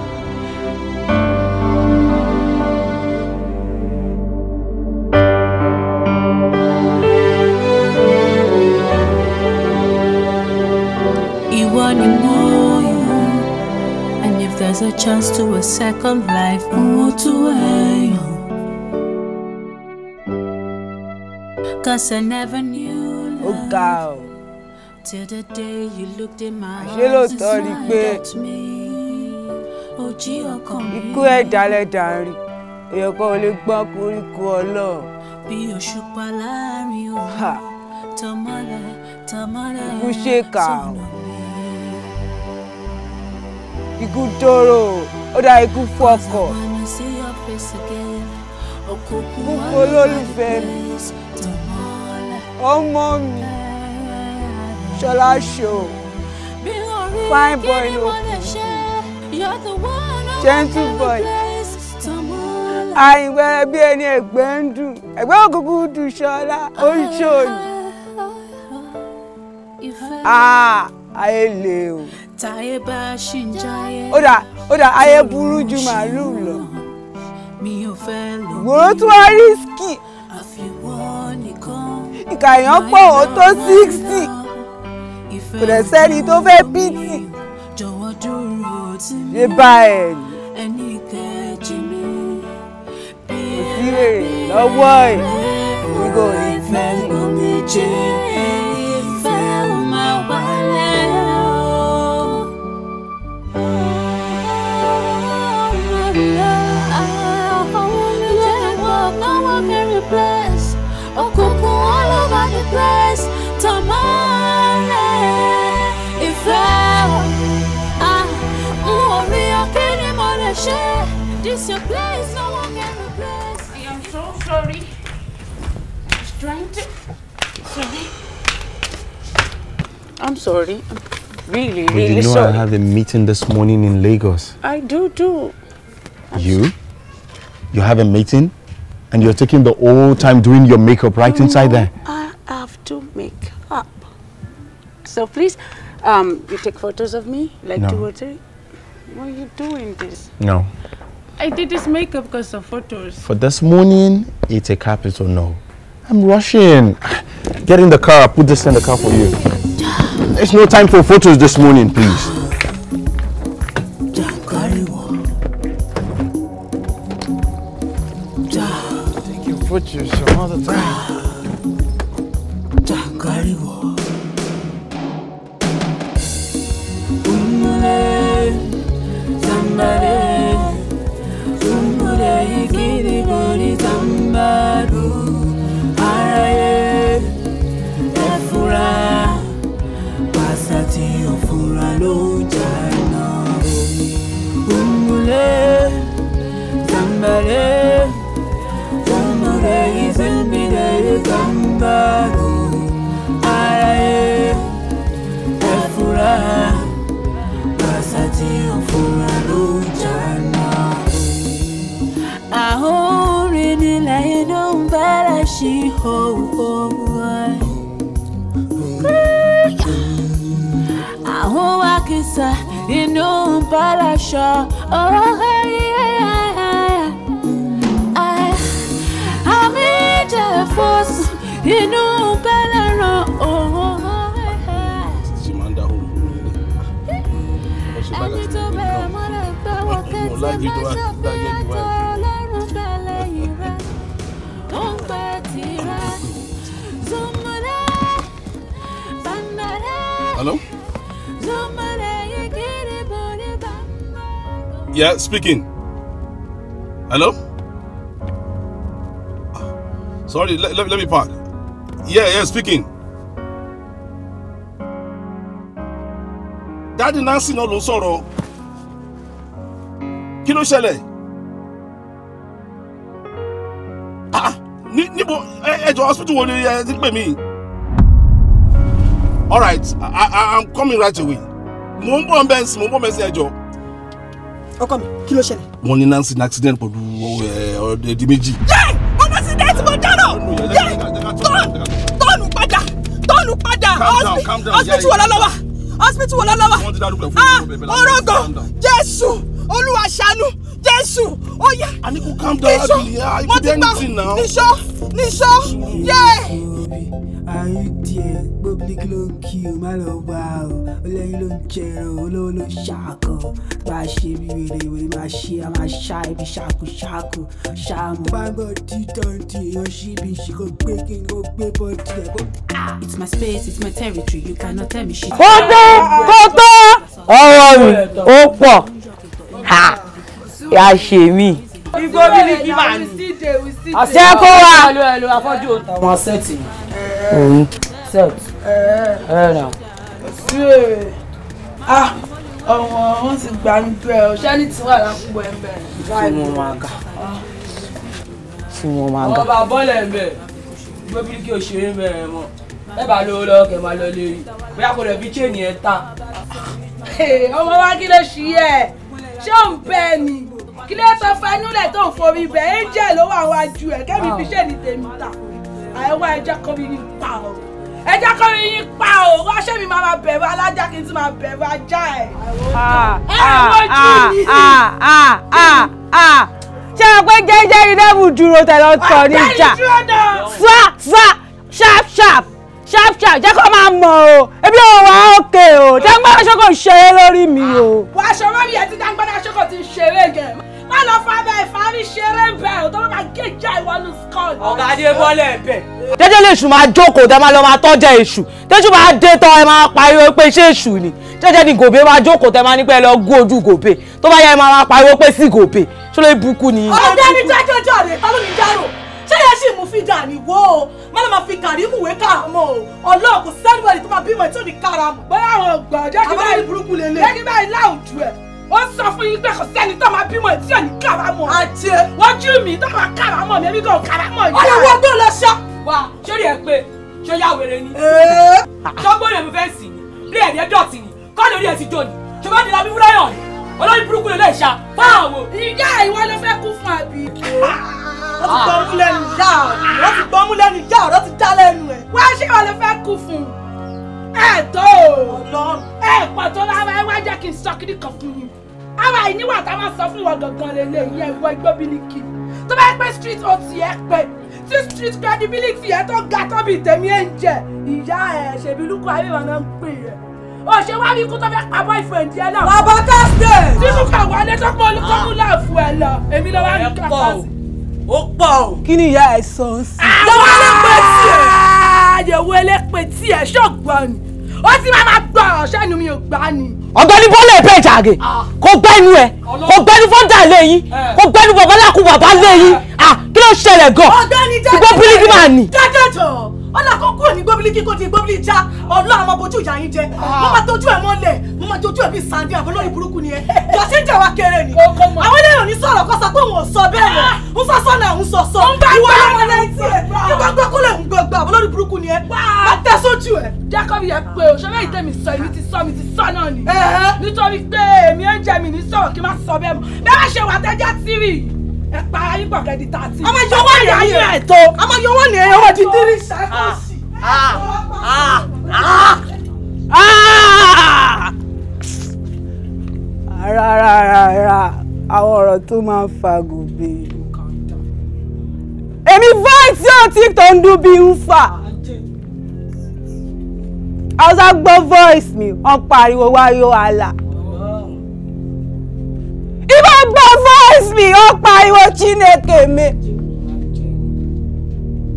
There's a chance to a second life. Cause I never knew love. Oh, Till the day you looked in my eyes and smiled at me. Ojí ọkàn mi. Ikú ẹ̀dá lẹ́dà ń rí. Èèyàn kan ò lè gbọ́ koríko ọlọ́run. Bí òṣùpá láàrin òun. Tọmọlẹ tọmọlẹ. Ikú ṣèkà ikú dóró ó dá ikú fún ọkọ ikú olólùfẹ́ mi ọmọ mi ṣọlá ṣò fine boy ló kù gentle boy àyìnbẹ̀rẹ̀ bí ẹni ẹ̀gbẹ́ ń dùn ẹ̀gbẹ́ òkùnkùn dùn ṣọlá ó ń ṣòyìn àà ah, ayé lè o táyé bá ṣì ń jáyé. ó dà ó dà ayé burú ju màálùú lọ. mi ò fẹ́ lọ. wò ó tún wá rísíkì. àfiwọ́ nìkan. ìkàyàn pọ̀ ó tó sixty. kò dẹ̀ sẹ́ni tó fẹ́ pìtì. jọ̀wọ́ dúró tì mí. ṣé bá ẹ̀ ní. ẹni kejì mi. kò sí èrè lọ́wọ́ ẹ̀. ìgò ìfẹ́ lómi jẹ́. your place, no one can replace. I am so sorry. was trying to. Sorry. I'm sorry. I'm really, but really you know sorry. I have a meeting this morning in Lagos. I do too. I'm you? You have a meeting? And you're taking the whole time doing your makeup right no, inside there? I have to make up. So please, um, you take photos of me? Like no. two or three? Why are you doing this? No. I did this makeup because of photos. For this morning, it's a capital no. I'm rushing. Get in the car. I'll put this in the car for you. There's no time for photos this morning, please. Take your photos some other time. Kambarale Kambarale Zembirele Kambaru Arae Efura Basati Ofura Lujana Shiho Akisa Oh, oh, oh, Hello. Yeah, speaking. Hello? Ah, sorry, let, let, let me park. Yeah, yeah, speaking. Daddy Nancy no náà ló ń sọ̀rọ̀. Kí ni ṣẹlẹ̀? Ah, níbo ẹjọ́ hospital wo ni ẹ ti pè mí? All right, I, I, I'm coming right away. Mo ń bọ̀ ń bẹ́ẹ̀ sí, mo ń bọ̀ ń bẹ́ẹ̀ sí ẹjọ́. Ọkọ mi, kí ló ṣẹlẹ̀? Wọ́n ní Nancy ní accident pẹ̀lú ẹ̀ẹ́dì the, Yẹ́! Ọmọ sí dẹ́ẹ̀tì mo dáná! Yẹ́! Tọ́! olú padà hospital wọlé lọ́wọ́ hospital wọlé lọ́wọ́ ah orógbó jésù olúwa ṣàánú jésù ó yá níṣó ah, mo ti àyùtì ẹ gbóbílíkì ló ń kí o má lọ wá o olóyin ló ń jẹran olówó ló ń ṣàkọ máa ṣe bí wèrè wèrè máa ṣe a máa ṣá ibi ṣàkóṣàkó ṣàmù. báńgọ̀ títàn tí èèyàn ṣí ibi ìṣìkò gbé kí n kó gbé bọ́ọ̀dì ẹ̀ kó. Ah! it's my space it's my territory you cannot tell me shit. ó dé kó tó ọ̀rọ̀ mi ó pọ̀ yà ṣe mí. igbó bíi kí màá ní. ṣé kó wa. àwọn sẹ́ẹ̀tì. Oyin. Set. Ẹ nà. Sí ẹ̀ ah ọmọ wọn ti gbà ń bẹ ọ ṣẹ́ni tí wà lápò ẹ̀ bẹ̀. Fún wọn máa ga. Ah. Fún wọn máa ga. Ọba bọ́ọ̀lù ẹ̀ bẹ̀ gbóbi kí o ṣeré bẹ̀rẹ̀ mọ́ ẹ bá lówó lọ́wọ́ kẹ́ máa lọ lé rí e. bóyá kò lè fi chéènì ẹ̀ ta. Eh, ọmọ wa kí ló ṣí ẹ ṣé ò ń bẹ ẹ ni kí ló sọ fẹnulẹ tó ń forí bẹ ẹ ń jẹ lówó àwọn ajú ẹ kẹmi fi ṣèlú tèmi ta àyẹ̀wò ẹja kan mi ní pa o ẹja kan mi ní pa o ránṣẹ́ mi máa bẹ̀rù alájà kí n tún máa bẹ̀rù ajá ẹ̀. Ah, ah, ah, ṣé o pé jẹ́jẹ́ ìdẹ́bù dúró tẹ̀lé ọ̀tọ̀ níjà sá sá sharp sharp sharp sharp jẹ́ kó máa mọ̀ o ebi ò wá òkè o dáńgbọ́n aṣọ́kò ṣeré lórí mi o. wàá ṣọwọ́ mi ẹ̀ tí dáńgbọ́n aṣọ́kò ti ṣeré gẹ̀ má lọ fa abẹ ìfarí ṣeré ń bẹ ò tó máa gèjà ìwọlú skull. ọ̀gá adébọ́lẹ̀ ẹ̀bẹ̀. jẹ́jẹ́ lè ṣù máa jókòó tẹ́ máa lọ máa tọ́jà èṣù tẹ́jú máa dé tán ẹ máa pariwo pé ṣé èṣù ni jẹ́jẹ́ ni gòbè máa jókòó tẹ́ máa ní pé ẹ lọ gún ojú gòbè tó bá yẹ ẹ máa pariwo pé sí gòbè ṣó lè bukú ni. ọ̀dẹ́ ni jẹ́jọ́jọ́ rẹ̀ tọ́lú mi járò ṣé yẹn sì mú fi dà ní wo o má lọ máa fi kàrímù wé kàrámọ o ọlọ́ọ̀kú sẹ́nìbọ̀dì tó máa bímọ ètò ní kàrámù bóyá àwọn ọgbà ọjọ́ kí báyìí burúkú lélẹ̀ jẹ́ kí báyìí láwùjọ ẹ̀ ó sọ fún yín pé kò sẹ́ni tó máa bímọ tí ò ní kàrámọ̀. àti ẹ. mi tó máa kàrámọ̀ mi èmi kò kàrámọ̀ yìí. ọ̀rẹ́ tó lọ ṣá. wà sórí ẹ pé ṣó yá wèrè ni. ṣọ́gbọ́n rẹ̀ mo fẹ́ sìn ní rí ẹ̀rí ẹjọ́ tì ní kọ́ni ẹ̀ ti jó ni ṣùgbọ́n ní labi fúláyọ̀ ni olórí burúkú lè ṣá fáwọn. ìyá ìwọ ló fẹ́ kú fún àbí. wọ́n ah. ti gbọ́mú lẹ́nu yá ọ̀rọ̀ ti gbọ́mú lẹ́nu ẹ̀. wá ẹ tó ẹ pọ̀ tó lára ẹ wá jẹ́ kí n sọ kíní kan fún yín ara ìníwà tá a máa sọ fún wọn gangan lélẹ̀ ìyẹn ìwọ igbó bílíkì tó bá pẹ́ street ot ẹ pé tí street credibility ẹ tó ga tó bí tèmi ẹ ń jẹ ìyá ẹ ṣèbí lukú ayéwà náà ń pè rẹ o ṣe wá rí ikú tó fẹ́ pa boyfriend yẹn náà. bàbá thursday. tí lukà wọlé tó pọ̀ olùkọ́kùn náà fún ẹ lọ èmi lọ wá ní kàfáàsì. ó pọ̀ o. kí ni ìyá ẹ sọ ń sìn. àwọn ẹlẹ́pẹ̀ tí ẹ̀. àyẹ̀wò ẹlẹ́pẹ̀ tí ẹ̀ ṣọ̀gbọ́n ni ó sì máa máa gbọ́ ọ̀rọ̀ sẹ́nu mi ò gbá ni. ọ̀gbẹ́ni bọ́lá ẹ̀ bẹ́ẹ̀ jàre ah. kò gbẹ́nu ẹ̀ kò gbẹ́nu fọ́ńdà lẹ́yìn eh. kò gbẹ́nu babaláku bàbá lẹ́yìn eh. ah, kí ló ṣẹlẹ̀ gan-an gbígbó bíríkì máa nì. jẹ́jẹ́ jọ̀ọ́ ọ̀là kan kúrò ní gbóbílì kíkó di gbóbílì já ọ̀lọ́ àwọn bojú ìyá yín jẹ ah. mo máa tójú ẹ̀ mọ́lẹ̀ mo máa tójú ẹ̀ bíi sàndí àbọ̀ lórí ni ẹ jọ̀sí ń jẹ̀wá kéré ni àwọn eléyìí ò ní sọ̀rọ̀ kọ́ sọ pé òun ò sọ bẹ́ẹ̀ lọ ń ah. sọ sọ́nà òun sọ sọ ìwọ ọlọ́mọ náà ti ẹ̀ nípa pé kó ń gbọgbà àbọ̀ lórí ni ẹ má tẹ sójú ẹ. Jacob yẹ pé o ṣe sọ èmi ti sọ mi ti sọ náà ni nítorí pé èmi ẹ jẹ́ mi ní sọ̀rọ̀ kí n má sọ bẹ́ẹ̀ mọ́ bẹ́ẹ̀ ẹ pa ayípọ̀ kẹ́ẹ̀dì tààtì. ọmọ yọ wá ní ayé ẹ̀ tó ọmọ yọ wá ní ẹ̀yọ́ di tírí. rárá rárá àwọn ọ̀rọ̀ tó máa ń fagùn bíi èmi voice yóò ti tó ń dún bí ń fà àwọn gbọ́ voice mi wọ́n pariwo wáyó àlà. pariwo chineke me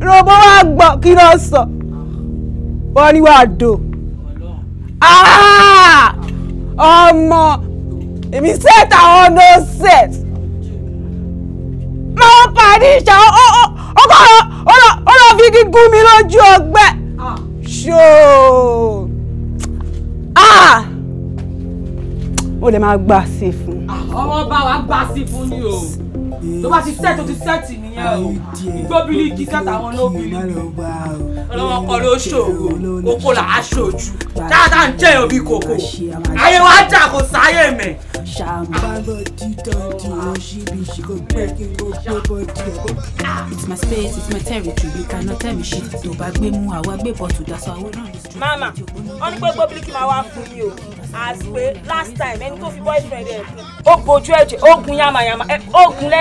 robo wa gbọ́ kí ló sọ wọ́n ní wàá do ah! ọmọ èmi set àwọn no set máa parí ìṣà ọkọ ọlọ fi gígùn mi lójú ọgbẹ́ ṣóò ó ah! lè máa gbà sí fún. Ah, ọmọ bá wa gbà sí fún ni o tó bá ti set o ti set mi nìyẹn o gbóbìlì kíkà táwọn lóbìlì ọlọ́wọ́ kọ́ ló ṣòro kókó là á ṣojú dáadáa ń jẹ́ òbí kòkó ayé wa jà kò sáyè mẹ́. Shambalo titan ti o ṣibi ṣiko pẹ́kí kó pé bọ́dí ẹ̀kọ́. It's my space, it's my territory, you cannot tell me shit. Tó bá gbé mú àwa gbé bọ́tù dasọ àwọn náà. Mama, wọ́n ní pé Gbóbílíkì máa wá fún mi o. As pé last time ẹni tó fi boyfriend ẹ̀ fún. Ó bojú ẹ̀jẹ̀, ó yama. Oh, ó gun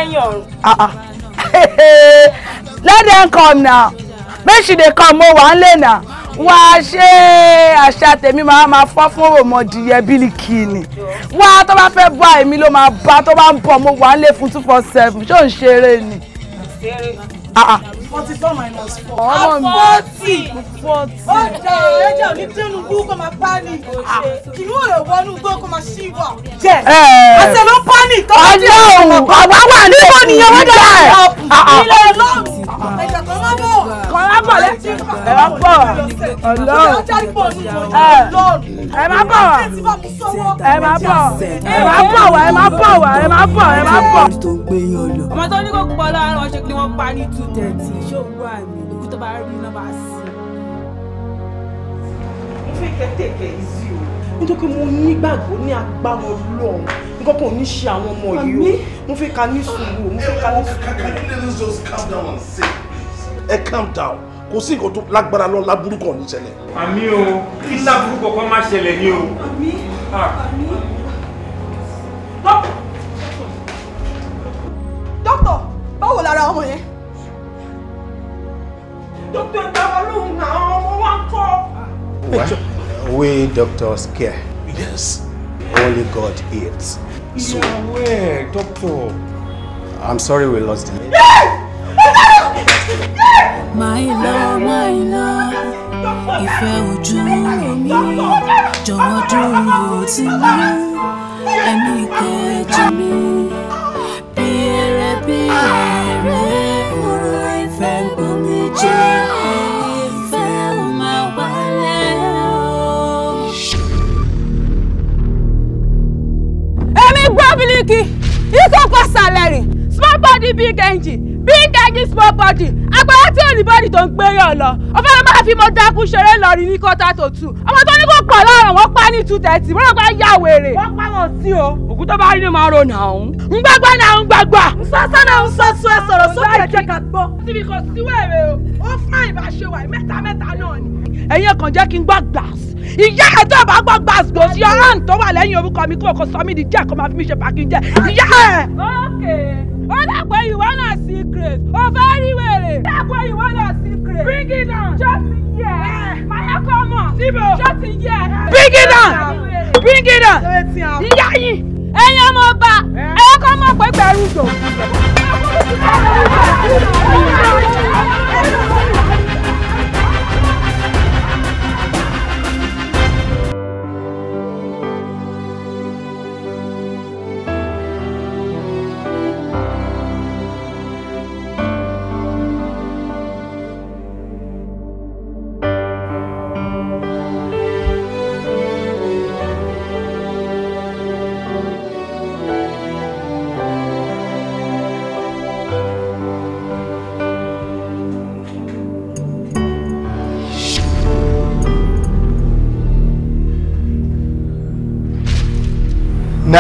Ah ah. let them come now make she they come mo wà ń lè nà wá ṣe àṣà tèmi máa máa fọ́ fún òmòdìyẹ bílíkì ni wá tó bá fẹ́ bọ́ àìmí ló máa bá tó bá ń bọ̀ mo wà ń lè fún two four seven ṣó ń ṣeré ni. Ah, ah forty four minus four. ọmọ mi forty forty. ó jẹ ẹlẹ́jà òní tinubu kó máa panic kìnnú ò lè wọnú gbó kó máa ṣí wà. jẹ àṣẹ ló panic tó bá jẹ ọmọ bá wà wà ní ìbò nìyẹn wọ́n dà ẹ̀. ilé lọ́ọ̀mù ẹ̀jẹ̀ kan máa bọ̀. kan á bọ̀ lẹ́ ẹ má bọ̀ ọlọ́run ẹ má bọ̀ ẹ má bọ̀ ẹ má bọ̀ wá ẹ má bọ̀ wá ẹ má bọ̀ ẹ má bọ̀. ọmọ tó ní kò pọ̀ láàárọ̀ ṣe kí wọ́n pa ní two thirty ṣé o gbọ́ àmì ikú tó bá rí iná máa sí. mo fẹ́ kẹ́ tẹ̀kẹ́ ìzí o nítorí mo nígbàgbọ́ ní agbára Ọlọ́run nǹkan kan ò ní ṣe àwọn ọmọ yìí o mo fẹ́ ká ní sùúrù mo fẹ́ ká ní eh, sùúrù. ẹ eh, eh, calm down kò sí nǹkan tó lágbára lọ láburú kan ní ṣẹlẹ̀. àmì o kí láburú kankan má ṣẹlẹ̀ ni o. àmì ah. àmì. dókítà báwo lára ọmọ yẹn dókítà ìdáwọlóhùn náà ọmọ wa ń kọ́. we doctors care. yes. only God heals. so ìyàwó ẹ̀ doctor. I'm sorry we lost the lady. My love, my love, If you ìfẹ́ ojú omi, jọ̀wọ́ dúró tì you. ẹ̀mí kejì mi. small body agbára tí ò ní bọ́ọ̀dì tó ń gbé yàn lọ ọ̀fẹ́ ló máa fi mọ dákú ṣeré lọ rí ní kọ́tà tó tù ọmọ tó ní kò pọ̀ lọ́rùn wọ́n pa ní two thirty wọ́n lọ́gbà yà wèrè. wọ́n pa wọn sí o òkú tó bá rí ni máa ro nà òun. ń gbàgbọ́ náà ń gbàgbọ́. ń sọ sọ́nà ń sọ sọ ẹ sọ̀rọ̀ sókè ẹ̀jẹ̀ ká gbọ́. síbi kan sí wẹ̀rẹ̀ o ó fún ìbáṣe wà mẹ́ta mẹ́ta náà ni. ẹ̀yin kan jẹ́ kí n gbọ́ gbàs ìyá ẹ̀ tó bá gbọ́ gbàs kò sí ọ̀ràn tó wà lẹ́yìn orúkọ mi kó o kò sọ mí di jẹ́ kó máa fi mí ṣe pàkíńjẹ́ ìyá ẹ̀. ókè ó Where you want see grace Oh, very well. wèrè. ó dàpọ̀ you want see grace. bring it on. just here. yeah. màyà kọ́ mọ̀. síbò just here. bring it on. bring it on. ìyá yìí ẹ̀yin ọmọ ọba ẹ̀yọ́ kọ́ mọ̀ pé pẹ̀lú jò.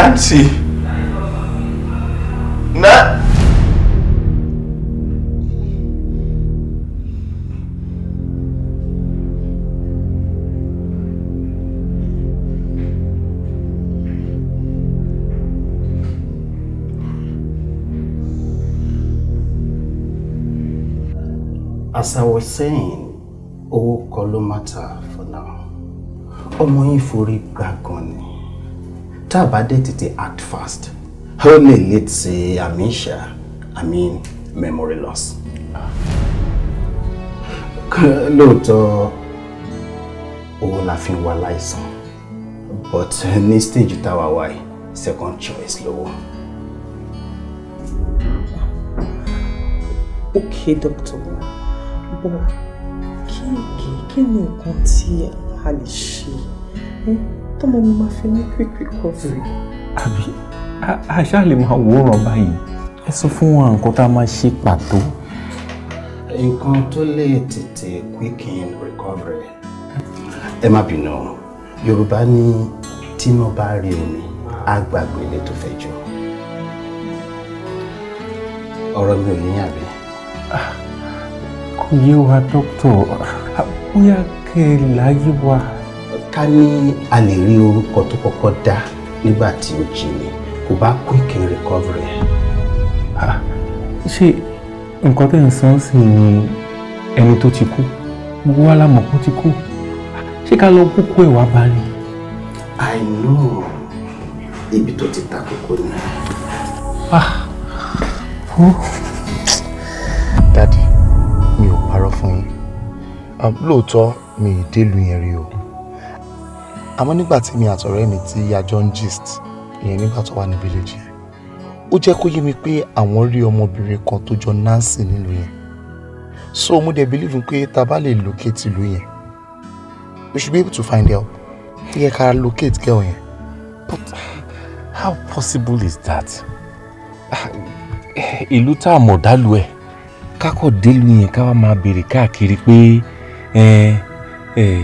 Nancy. Na. As I was saying, owó call ló matter for now. Ọmọ yín forí gbàgbọ́ tá a bá dẹ̀ tètè act fast ó lè lead sí amnesia i mean memory loss. lóòótọ́ òun la fi ń wá láìsàn but ní stage táwa wáyé second choice lówó. okay doctor But, kí kí kí ni nǹkan tí a lè ṣe. Hmm? tọ́mọ mi máa fi ní quick recovery. àbí àṣà lè máa wòran báyìí ẹ sọ fún wa nǹkan tá a máa ṣe pàtó. nǹkan tó lè tètè quick recovery ẹ má bínú yorùbá ní tínú bá rí omi á gbàgbé ilé tó fẹ́ jọ ọ̀rọ̀ mi ò ní àbí. Ah, kò yé wa dókítà bóyá kẹ́ ẹ láyé wa ká ní a lè rí orúkọ tó kọ́kọ́ dá nígbà tí ó jí ni kò bá quick in recovery. ṣé nǹkan tẹ̀ ń sàn sí ni ẹni tó ti kú gbogbo wa la kó ti kú ṣé ká lọ kókó ẹ̀ wá bá ní. I know ibi tó ti ta kókó ni. ah oh. dadi mi ò parọ́ fún yín um, lóòótọ́ mi ì délùú yẹn rí o àmọ́ nígbà tí mi àtọ̀rẹ́ mi tí a jọ ń gist ìyẹn nígbà tó wà ní village yẹn ó jẹ́ kó yé mi pé àwọn rí ọmọbìnrin kan tó jọ Nancy nílùú yẹn so mo dẹ̀ believe pé ta bá lè locate ìlú yẹn we should be able to find help yẹ ká locate girl yẹn. but how possible is that ìlú tá a mọ̀ dálù ẹ̀ kákọ̀ délùú yẹn ká wá máa béèrè káàkiri pé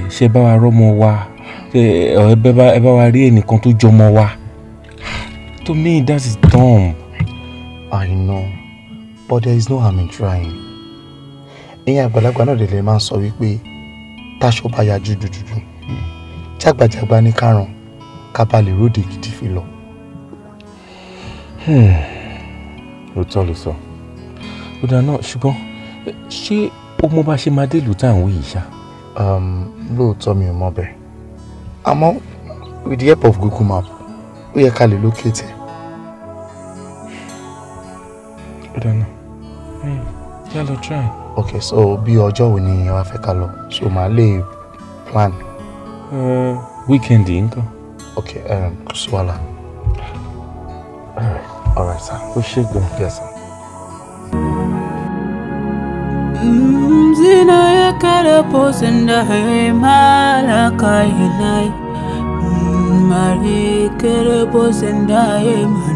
ṣe bá wa rọ́mọ wa ẹ bá wa rí ẹnìkan tó jọmọ wa to me that is dumb. I know but there is no harm in trying. ìyẹn àgbàlagbà náà lè lè máa ń sọ wípé táṣọ bá yá jújú jújú jágbàjàgbà ní kárùn ká bá lè róde gidi fi lọ. Hmm. òótọ́ ló sọ ọ̀dà náà ṣùgbọ́n ṣé o mọ bá ṣe máa dé ìlú tá à ń wí yìí ṣá. Um, lóòótọ́ mi ò mọ bẹ́ẹ̀ àmọ́ with the help of Google map ó yẹ ká lè locate ẹ̀. ó dáná yá lọ try. ok so bí ọjọ́ wo ni ẹ wá fẹ́ ká lọ so màá lè plan. Uh, weekend yìí nǹkan. ok um, kò sí wàhálà. all right sir. ó ṣe gan. yes sir. ya zinayekera posenda hemalakainai marikere mm, posenda hemal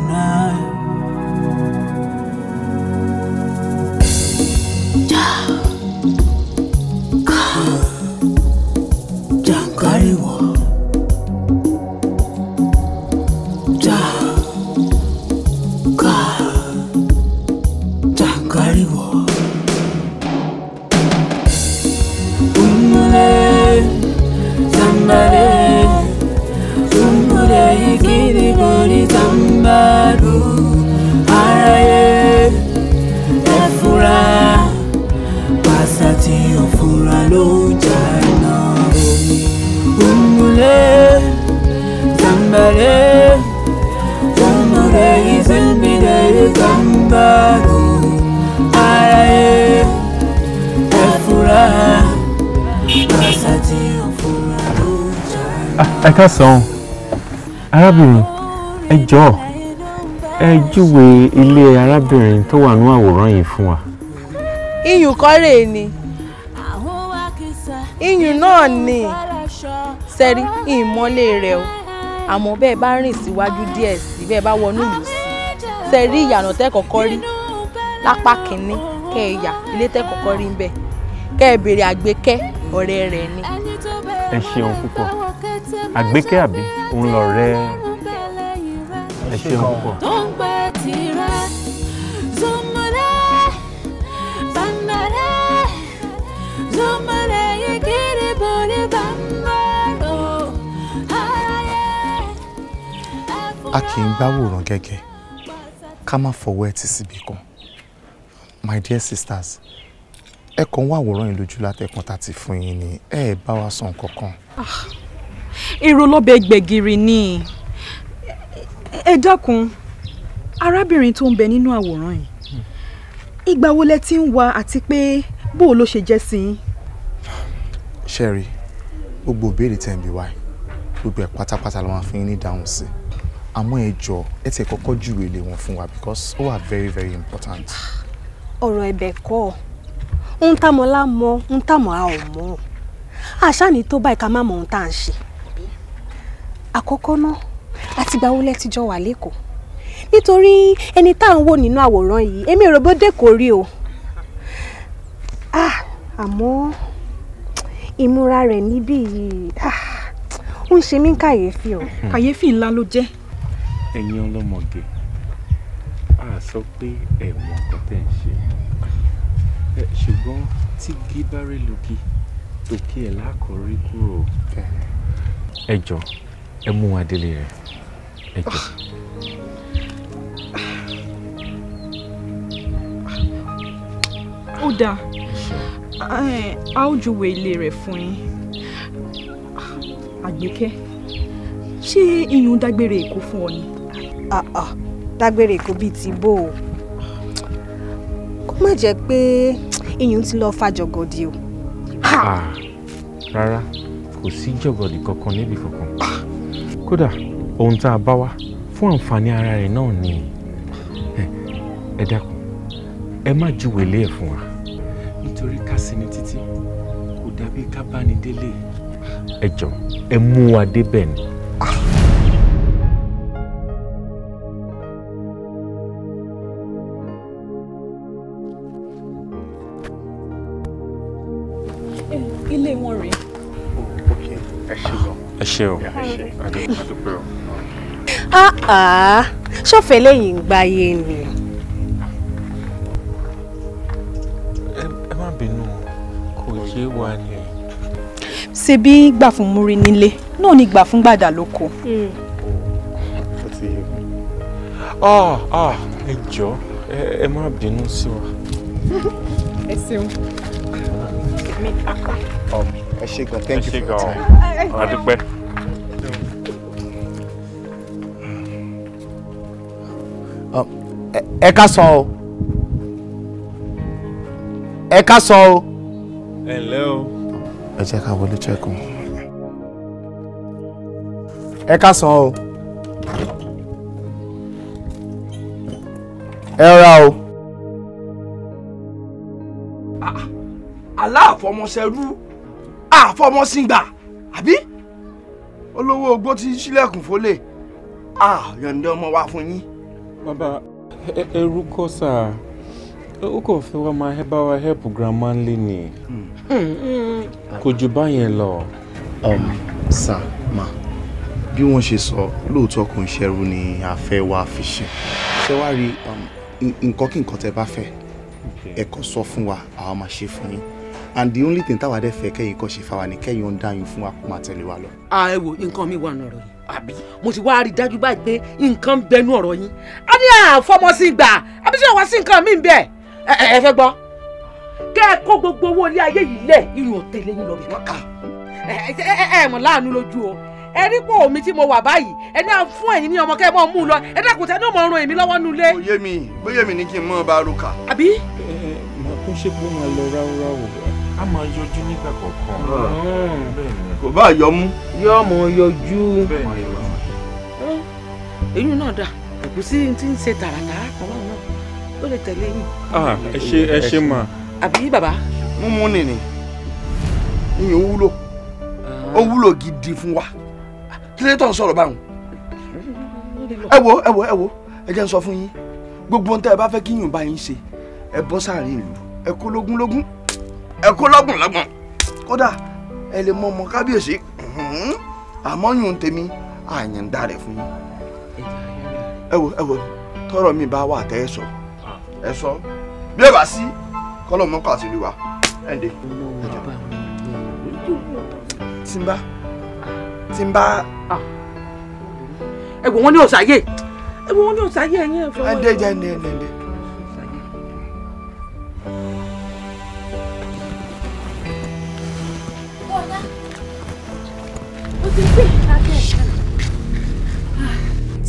ẹ káàsán arábìnrin ẹ jọ̀ọ́ ẹ júwe ilé arábìnrin tó wà ní àwòrán yìí fún wa. iyùn kọ́rè ni iyùn náà ni sẹ́rí ìmọ́lé rẹ̀ o àmọ́ bẹ́ẹ̀ bá rìn síwájú díẹ̀ sí bẹ́ẹ̀ bá wọnú ìlú sí sẹ́rí ìyànà tẹ́ kọ́kọ́ rí lápá kínní kẹ́ ẹ yà ilé tẹ́ kọ́kọ́ rí ń bẹ̀ kẹ́ ẹ àgbékẹ́ ọ̀rẹ́ rẹ̀ ni. ẹ ṣeun púpọ̀ àgbékẹ́ àbí òun lọ rẹ ẹ ṣeun púpọ̀. a kì í gbáwòrán gẹ́gẹ́ ká má fọwọ́ ẹ ti síbi kan my dear sisters ẹ kàn wá àwòrán yìí lójú látẹ̀kùn tá a ti fún yín ni ẹ ẹ bá wa sọ nǹkan kan. Ah èrò lọ́bẹ̀ gbẹ̀gìrì ni ẹ dákun arábìnrin tó ń bẹ nínú àwòrán yìí ìgbà wo lẹ ti ń wá àti pé bó o ló ṣe jẹ́ sí i. sherry gbogbo ìbéèrè tẹ̀ ń bí wáyé gbogbo ẹ̀ pátápátá la máa fi ń ní ìdáhùn sí i àmọ́ ẹ jọ ẹ ti kọ́kọ́ júwe lé wọn fún wa because ó wà very very important. ọ̀rọ̀ ẹ̀bẹ̀ kọ́ ohun tá a mọ̀ la mọ̀ ohun àṣà ni tó báyìí ká má mọ̀ ohun tá à ń ṣe àkọ́kọ́ náà àtìgbà wo lẹ ti jọ wà lẹ́kọ̀ọ́ nítorí ẹni tá à ń wò nínú àwòrán yìí èmi ò rò bó dé kò rí o ah, àmọ́ ìmúra rẹ̀ níbí yìí ah, ó ń ṣe mí kàyéfì o. kàyéfì ńlá ló jẹ́. ẹ̀yin ọlọ́mọge a sọ pé ẹ̀ mọ̀ tẹ̀ ń ṣe ṣùgbọ́n tí gí bá rí ẹ̀ lákọ̀ọ́rí kúrò. ẹ ẹ mú wa délé rẹ ẹ jọ. ó dáa a ó júwe ilé rẹ̀ fún yín àgbékẹ́ ṣé iyùn dágbére èkó fún ọ ni. dágbére èkó bíi ti bò ó kó má jẹ́ pé iyùn ti lọ fa jọ̀gọ̀dì o. rárá kò sí jọ̀gọ̀dì kankan níbi kankan kódà ohun tá a bá wá fún àǹfààní ara rẹ̀ náà ni ẹ dákun ẹ má júwèé lé ẹ̀ fún wa nítorí ká sí ní títí kò dàbí ká bá ní délé ẹ jọ ẹ mú wa débẹ̀ ni. ilé wọn rèé. Oh, ẹ ṣe o. ẹ ṣe o ṣọ́fẹ̀ lẹ́yìn gbáyé ni. ẹ má bínú kò yé wa ni. Se bí gbà fún múrí nílé náà ni gbà fún hmm. ah, lóko. Ah, ẹ jọ̀ọ́ ẹ má bínú sí wa. ẹ ṣeun ẹ ṣe gan thank you for your time. a dúpẹ́. ẹ ká sọ o ẹ ká sọ o. ẹ ǹlẹ́ o. ẹ jẹ́ ká wọlé chẹ́kùn. ẹ ká sọ o. ẹ rà o. Ah, aláàfọmọṣẹrú ah, àfọmọsìngbà àbí olówó ogbó ti ṣílẹ̀kùn fólè àyọ̀ǹdẹ́ ah, ọmọ wa fún yín. bàbá ẹrú e, e, kọ́ sà ó e, kàn fẹ́ wá máa bá wa help grandma lé ni hmm. kò jù báyẹn lọ. Um, sà má bí wọ́n ṣe sọ lóòótọ́ kò ń ṣẹrú ni a fẹ́ wá fi ṣe ṣé wàá rí um, nǹkan kí nǹkan tẹ́ bá fẹ́ ẹ kàn sọ fún wa àwa máa ṣe fún yín and the only thing táwa dẹ́ fẹ́ kẹ́yìn kọ́ ṣe fáwa ni kẹ́yìn ó ń dáyìn fún wa kó máa tẹ̀lé wa lọ. Ah, ẹ wo nǹkan mi wà nọ̀rọ̀ yìí àbí mo ti wá rí dájú báyìí pé nǹkan ń bẹnu ọ̀rọ̀ yín a ní àfọmọ́sí gbà àbí tí wọ́n wá sí nǹkan mí bẹ́ẹ̀ ẹ ẹ fẹ́ gbọ́ kẹ́ ẹ kó gbogbo owó ilé ayé yìí lẹ̀ irun ọ̀tẹ̀ lẹ́yìn lọ́bì kankan ẹ ẹ mọ̀ láàánú lójú o ẹ rí pò mí tí mo wà báyìí ẹ ní à ń fún ẹ̀yin ní ọmọ kẹ́ ẹ mọ̀ mú un lọ ẹ dákun tẹ́ ní ò mọ̀ ọ̀run èmi lọ́wọ́ nulẹ̀. bóyá mi bóyá mi ní kí n mọ ọba aruka. àbí. ẹ ẹ màá tún ṣe pé màá lọ ráúráú a máa yọjú nígbà kọ̀ọ̀kan. Ah. bẹ́ẹ̀ ni kò bá yọ mú. yóò mọ yọjú eyín náà dà kò sí tí ń ṣe tààràtàrà kan báwọn náà ó lè tẹ̀lé yín. Ah, ẹ ṣe ẹ ṣe mà. àbí bàbá. mímú nìní ìyẹn ó wúlò ah. ó wúlò gidi fún wa kí lè tó ń sọ̀rọ̀ báwọn. ẹ wo ẹ wo ẹ wo ẹ jẹ́ n sọ fún yín gbogbo ohun tẹ́ ẹ bá fẹ́ kí yín bá yín ṣe ẹ bọ́ sáàrin ìlú ẹ kó lógún lógún ẹ kó lọ́gbọ̀n lọ́gbọ̀n kódà ẹ lè mọ ọmọ kábíyèsí àmọ́ yùn tèmi àyàndá rẹ̀ fún yín. ẹ wo ẹ wo tọrọ mi bá wà tẹ ẹ sọ ah. ẹ sọ bí ẹ bá sí kọlọ mọ kàtí lu wa ẹ dé. tìǹbà tìǹbà. ẹ ah. wò wọn ní òsàyè ẹ wò wọn ní òsàyè ẹyin ẹ fọwọ́. ẹ dé jẹ́ ẹ dé ẹ dé.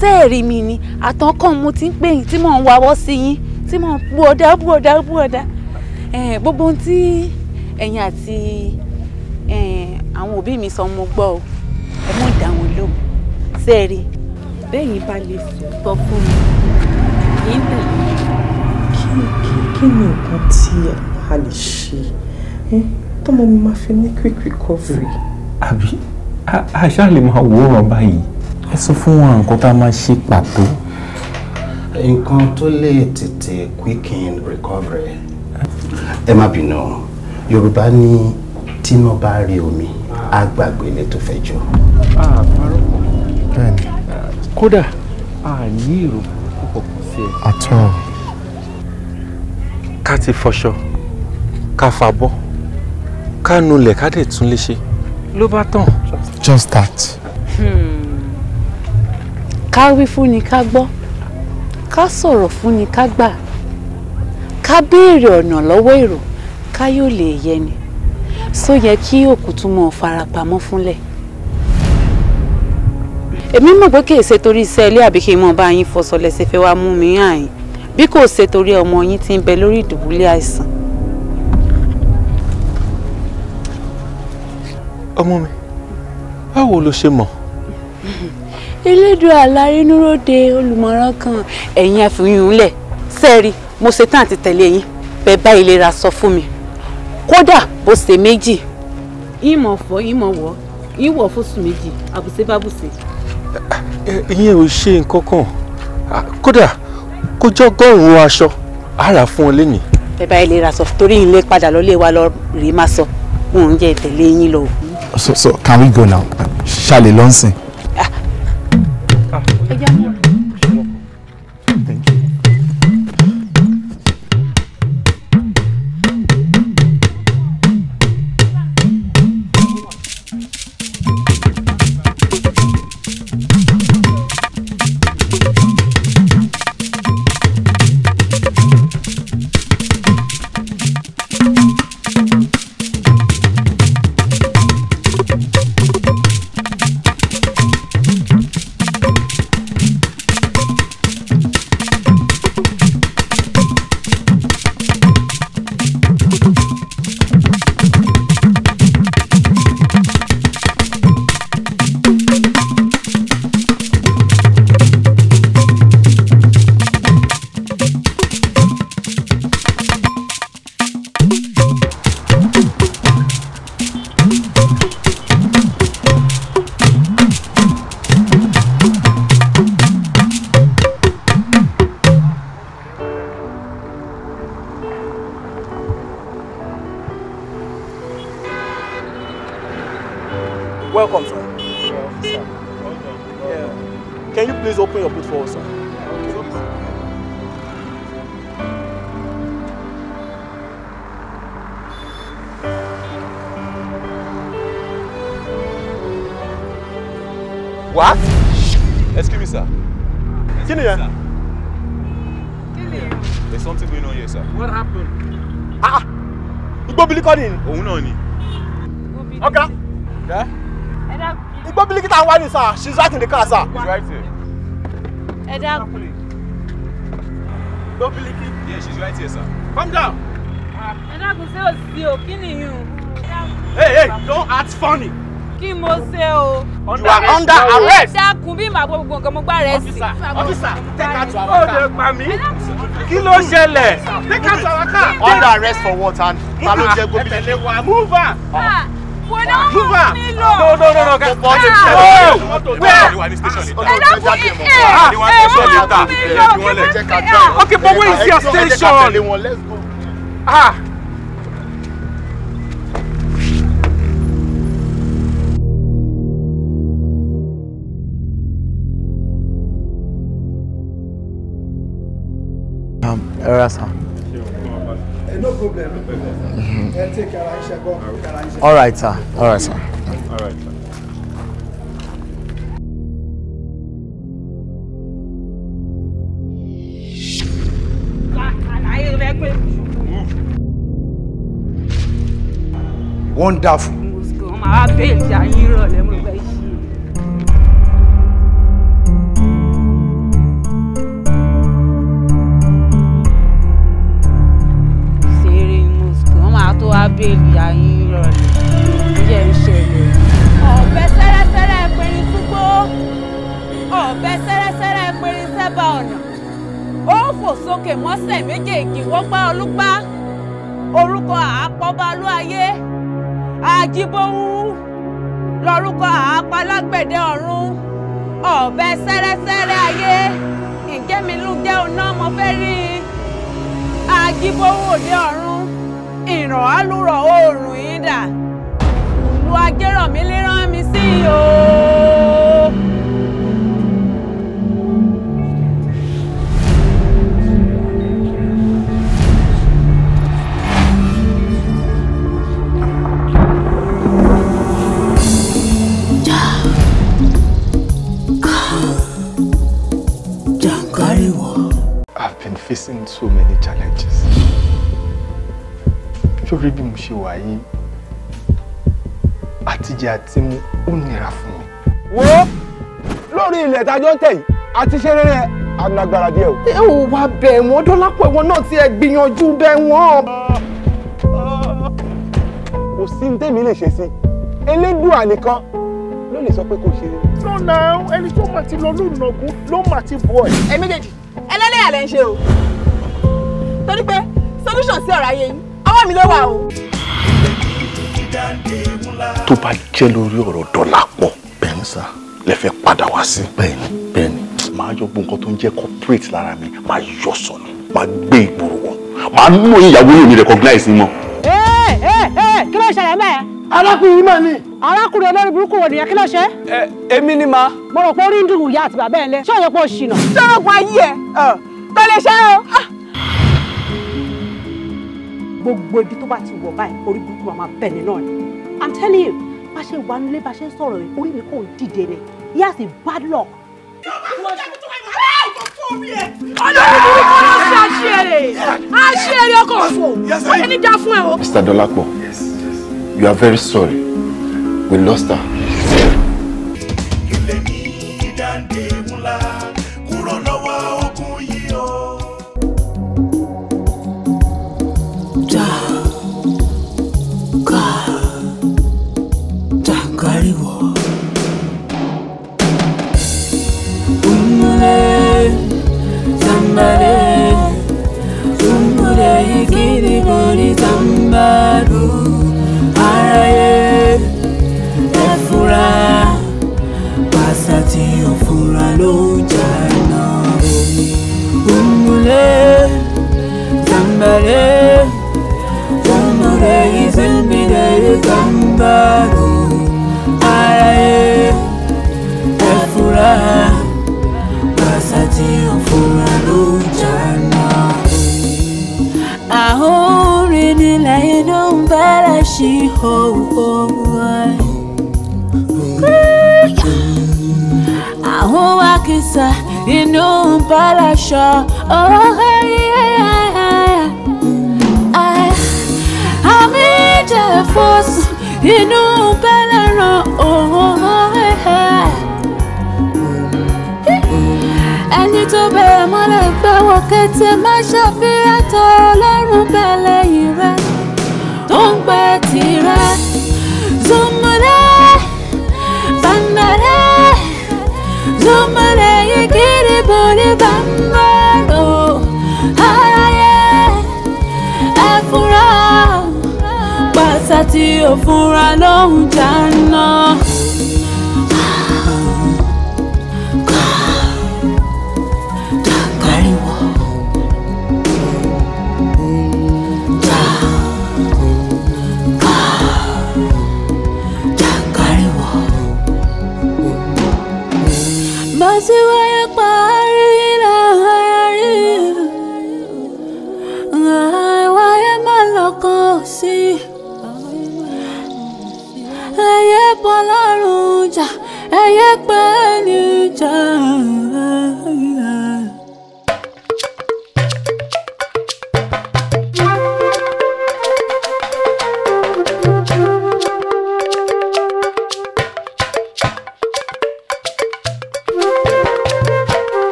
sẹ́ẹ̀rì mi ni àtọ́kàn mo ti ń pè yín tí mò ń wáwọ́ sí yín tí mò ń bu ọ̀dà bu ọ̀dà bu ọ̀dà gbogbo ohun tí ẹ̀yin àti àwọn òbí mi sọ mo gbọ́ o ẹ mú ìdáhùn lóhùn sẹ́ẹ̀rì bẹ́yìn bá lè sọ fún mi kì í tẹ̀lé. kí ni nǹkan tí a lè ṣe tọmọ mi máa fi ní quick recovery. àbí àṣà lè máa wòran báyìí. ẹ sọ fún wọn nǹkan tá a máa ṣe pàtó. nǹkan tó lè tètè quicken recovery ẹ má bínú yorùbá ní tíná bá rí omi á gbàgbé ilé tó fẹ́ jọ. kódà a ní èrò púpọ̀ kù sí ẹ. àtọ. ká ti fọṣọ ká fàbọ ká nulẹ̀ ká dẹ̀ tún lè ṣe ló bá tán just that. Hmm. ká wí fún ni ká gbọ́ ká sọ̀rọ̀ fún ni ká gbà ká béèrè ọ̀nà lọ́wọ́ èrò ká yóò lè yẹni só yẹ kí òkú tún mọ̀ farapamọ́ fúnlẹ̀. èmi mọ̀ pé kìí ṣe torí iṣẹ́ ilé àbí mọ̀ bá yín fọṣọ lẹ́sẹ̀ fẹ́ wá mú mi àyìn bí kò ṣe torí ọmọ yín ti ń bẹ lórí ìdùbúlẹ̀ àìsàn. ọmọ mi báwo ló ṣe mọ̀. elédùn alárínúròde olùmọ̀ràn kan ẹ̀yin àfihànlẹ̀ sẹ́ẹ̀rì mo ṣetán àti tẹ̀lé yín bẹ́ẹ̀ bá ìlera sọ fún mi kódà bó ṣe méjì. ìmọ̀ fọ́ ìmọ̀ wọ́ ìwọ̀ fóṣù méjì àbùsẹ́ bá bùsẹ́. ìyẹn ò ṣe nǹkan kan kódà kó jọ gọ́rùn-ún aṣọ ara fún ọ lẹ́yìn. bẹ́ẹ̀ bá ìlera sọ torí ilé padà lọ́lé wa lọ rèé má sọ òun jẹ́ ìtẹ̀lé yín lọ so so can we go now ṣàlè lọ́nsìn. ẹja mú welcome, sir. Yeah, Can you please open your boot for us, sir? What? Excuse me, sir. Excuse Kini, sir. Kini. There's something going on here, sir. What happened? Ah! You ah. Igbó Bilikọ́ ni. Òun náà ni. Okay. Miliki tá à ń sir she's right in the car sir. right here. ẹ dákun. no Miliki. yeah she's right here sir. calm down. ẹ dákun ṣé o sí o kí nìyí o. hey hey don't act funny. kí mo ṣe you are under arrest. ẹ dákun bí màá gbọ́ gbogbo nǹkan mo gbá rẹ̀ sí. officer officer take her to our car. ó oh, lè pa mí take her to our car. under arrest for what and ta ló ah, move her. Ah. No, no, No, no, no, no. Guys. Go. Where? They don't put it here. They want to show later. They want to check out. Okay, but where is your station? Ah. Um, Erasa. All right, sir. All right, sir. All right, sir. Wonderful. òjìbówú lórúkọ àápalágbẹ̀dẹ ọ̀run ọ̀bẹ sẹ́rẹ́sẹ́rẹ́ ayé ìgémilúgẹ́ oná mo fẹ́ rí i àgìbówú òde ọ̀run ìràn álùrọ̀ oòrùn yìí dà lu agérọ̀mí lérán mi sí i ooo. facing so many challenges sórí bí mo ṣe wà yìí àtijẹ àti mu ó nira fún mi. wo lórí ilẹ̀ tájọ́ ń tẹ̀ yìí àti ṣe rere alágbára díẹ̀ o. ẹ ò wá bẹ̀ wọ́n dọ́lápọ̀ ẹ̀wọ̀n náà tí ẹ gbìyànjú bẹ̀ wọ́n. kò sí tèmi lè ṣe sí elédùà nìkan ló lè sọ pé kò ṣe rere. lọ́nà ẹni tó máa ti lọ lónà ogun ló máa ti bọ̀ ẹ̀. ẹ méjèèjì ẹlẹ́lẹ́yà lẹ́ ń ṣe o torí pé solution sí ọ̀rọ̀ ayé yín ọwọ́ mi ló wà o. tó bá jẹ́ lórí ọ̀rọ̀ dọ́là pọ̀ bẹ́ẹ̀ ni sá lẹ fẹ́ padà wá sí. bẹ́ẹ̀ni bẹ́ẹ̀ni. màá yọ gbogbo nǹkan tó ń jẹ́ corporate lára mi màá yọ sọnù màá gbé ìgboro wọn màá mú ìyàwó yìí mi recognize ni mo. ẹ ẹ ẹ kí ló ṣẹlẹ̀ mẹ́ẹ̀ arákùnrin mà ni. arákùnrin olórí burúkú wo nìyẹn kí ló ẹ èmi ni ma. mo rò pé orí ń dùn ìyá àti bàbá ẹ lẹ ṣé òye pé o ṣìnà. ayé ẹ̀ tó lè ṣe o. Ah! gbogbo ibi tó bá ti wọ̀ báyìí orí burúkú máa bẹ̀ ní náà ni i'm telling you bá ṣe wà nílé bá ṣe ń sọ̀rọ̀ rẹ̀ orí mi kò dìde ni he has a bad luck. olórí burúkú ló ṣe àṣìṣe rẹ̀ àṣìṣe ọkọ̀ ọ̀fọ̀ ẹni dá fún ẹ o. Mr. Dolapo. Yes. You are very sorry. We lost her. Zambaru Ayaye Efura Basati Ofura Lujana Ahori Nila Idun Bala Shiho Ahori Akisa Idun ṣe fọ́ọ̀sì inú bẹ́lẹ̀ ràn òun oh, ẹ̀hẹ́. ẹni tó bẹ̀rẹ̀ mọ́lẹ̀ gbẹ́wọ̀ kété má ṣàfihàn tọrọ lọ́rùn bẹ̀lẹ̀ yìí rẹ̀ tó ń gbẹ tirẹ̀. zumule bambale zumule yìí kiri borí bambale. sátì òfúnra lóhùn jáná.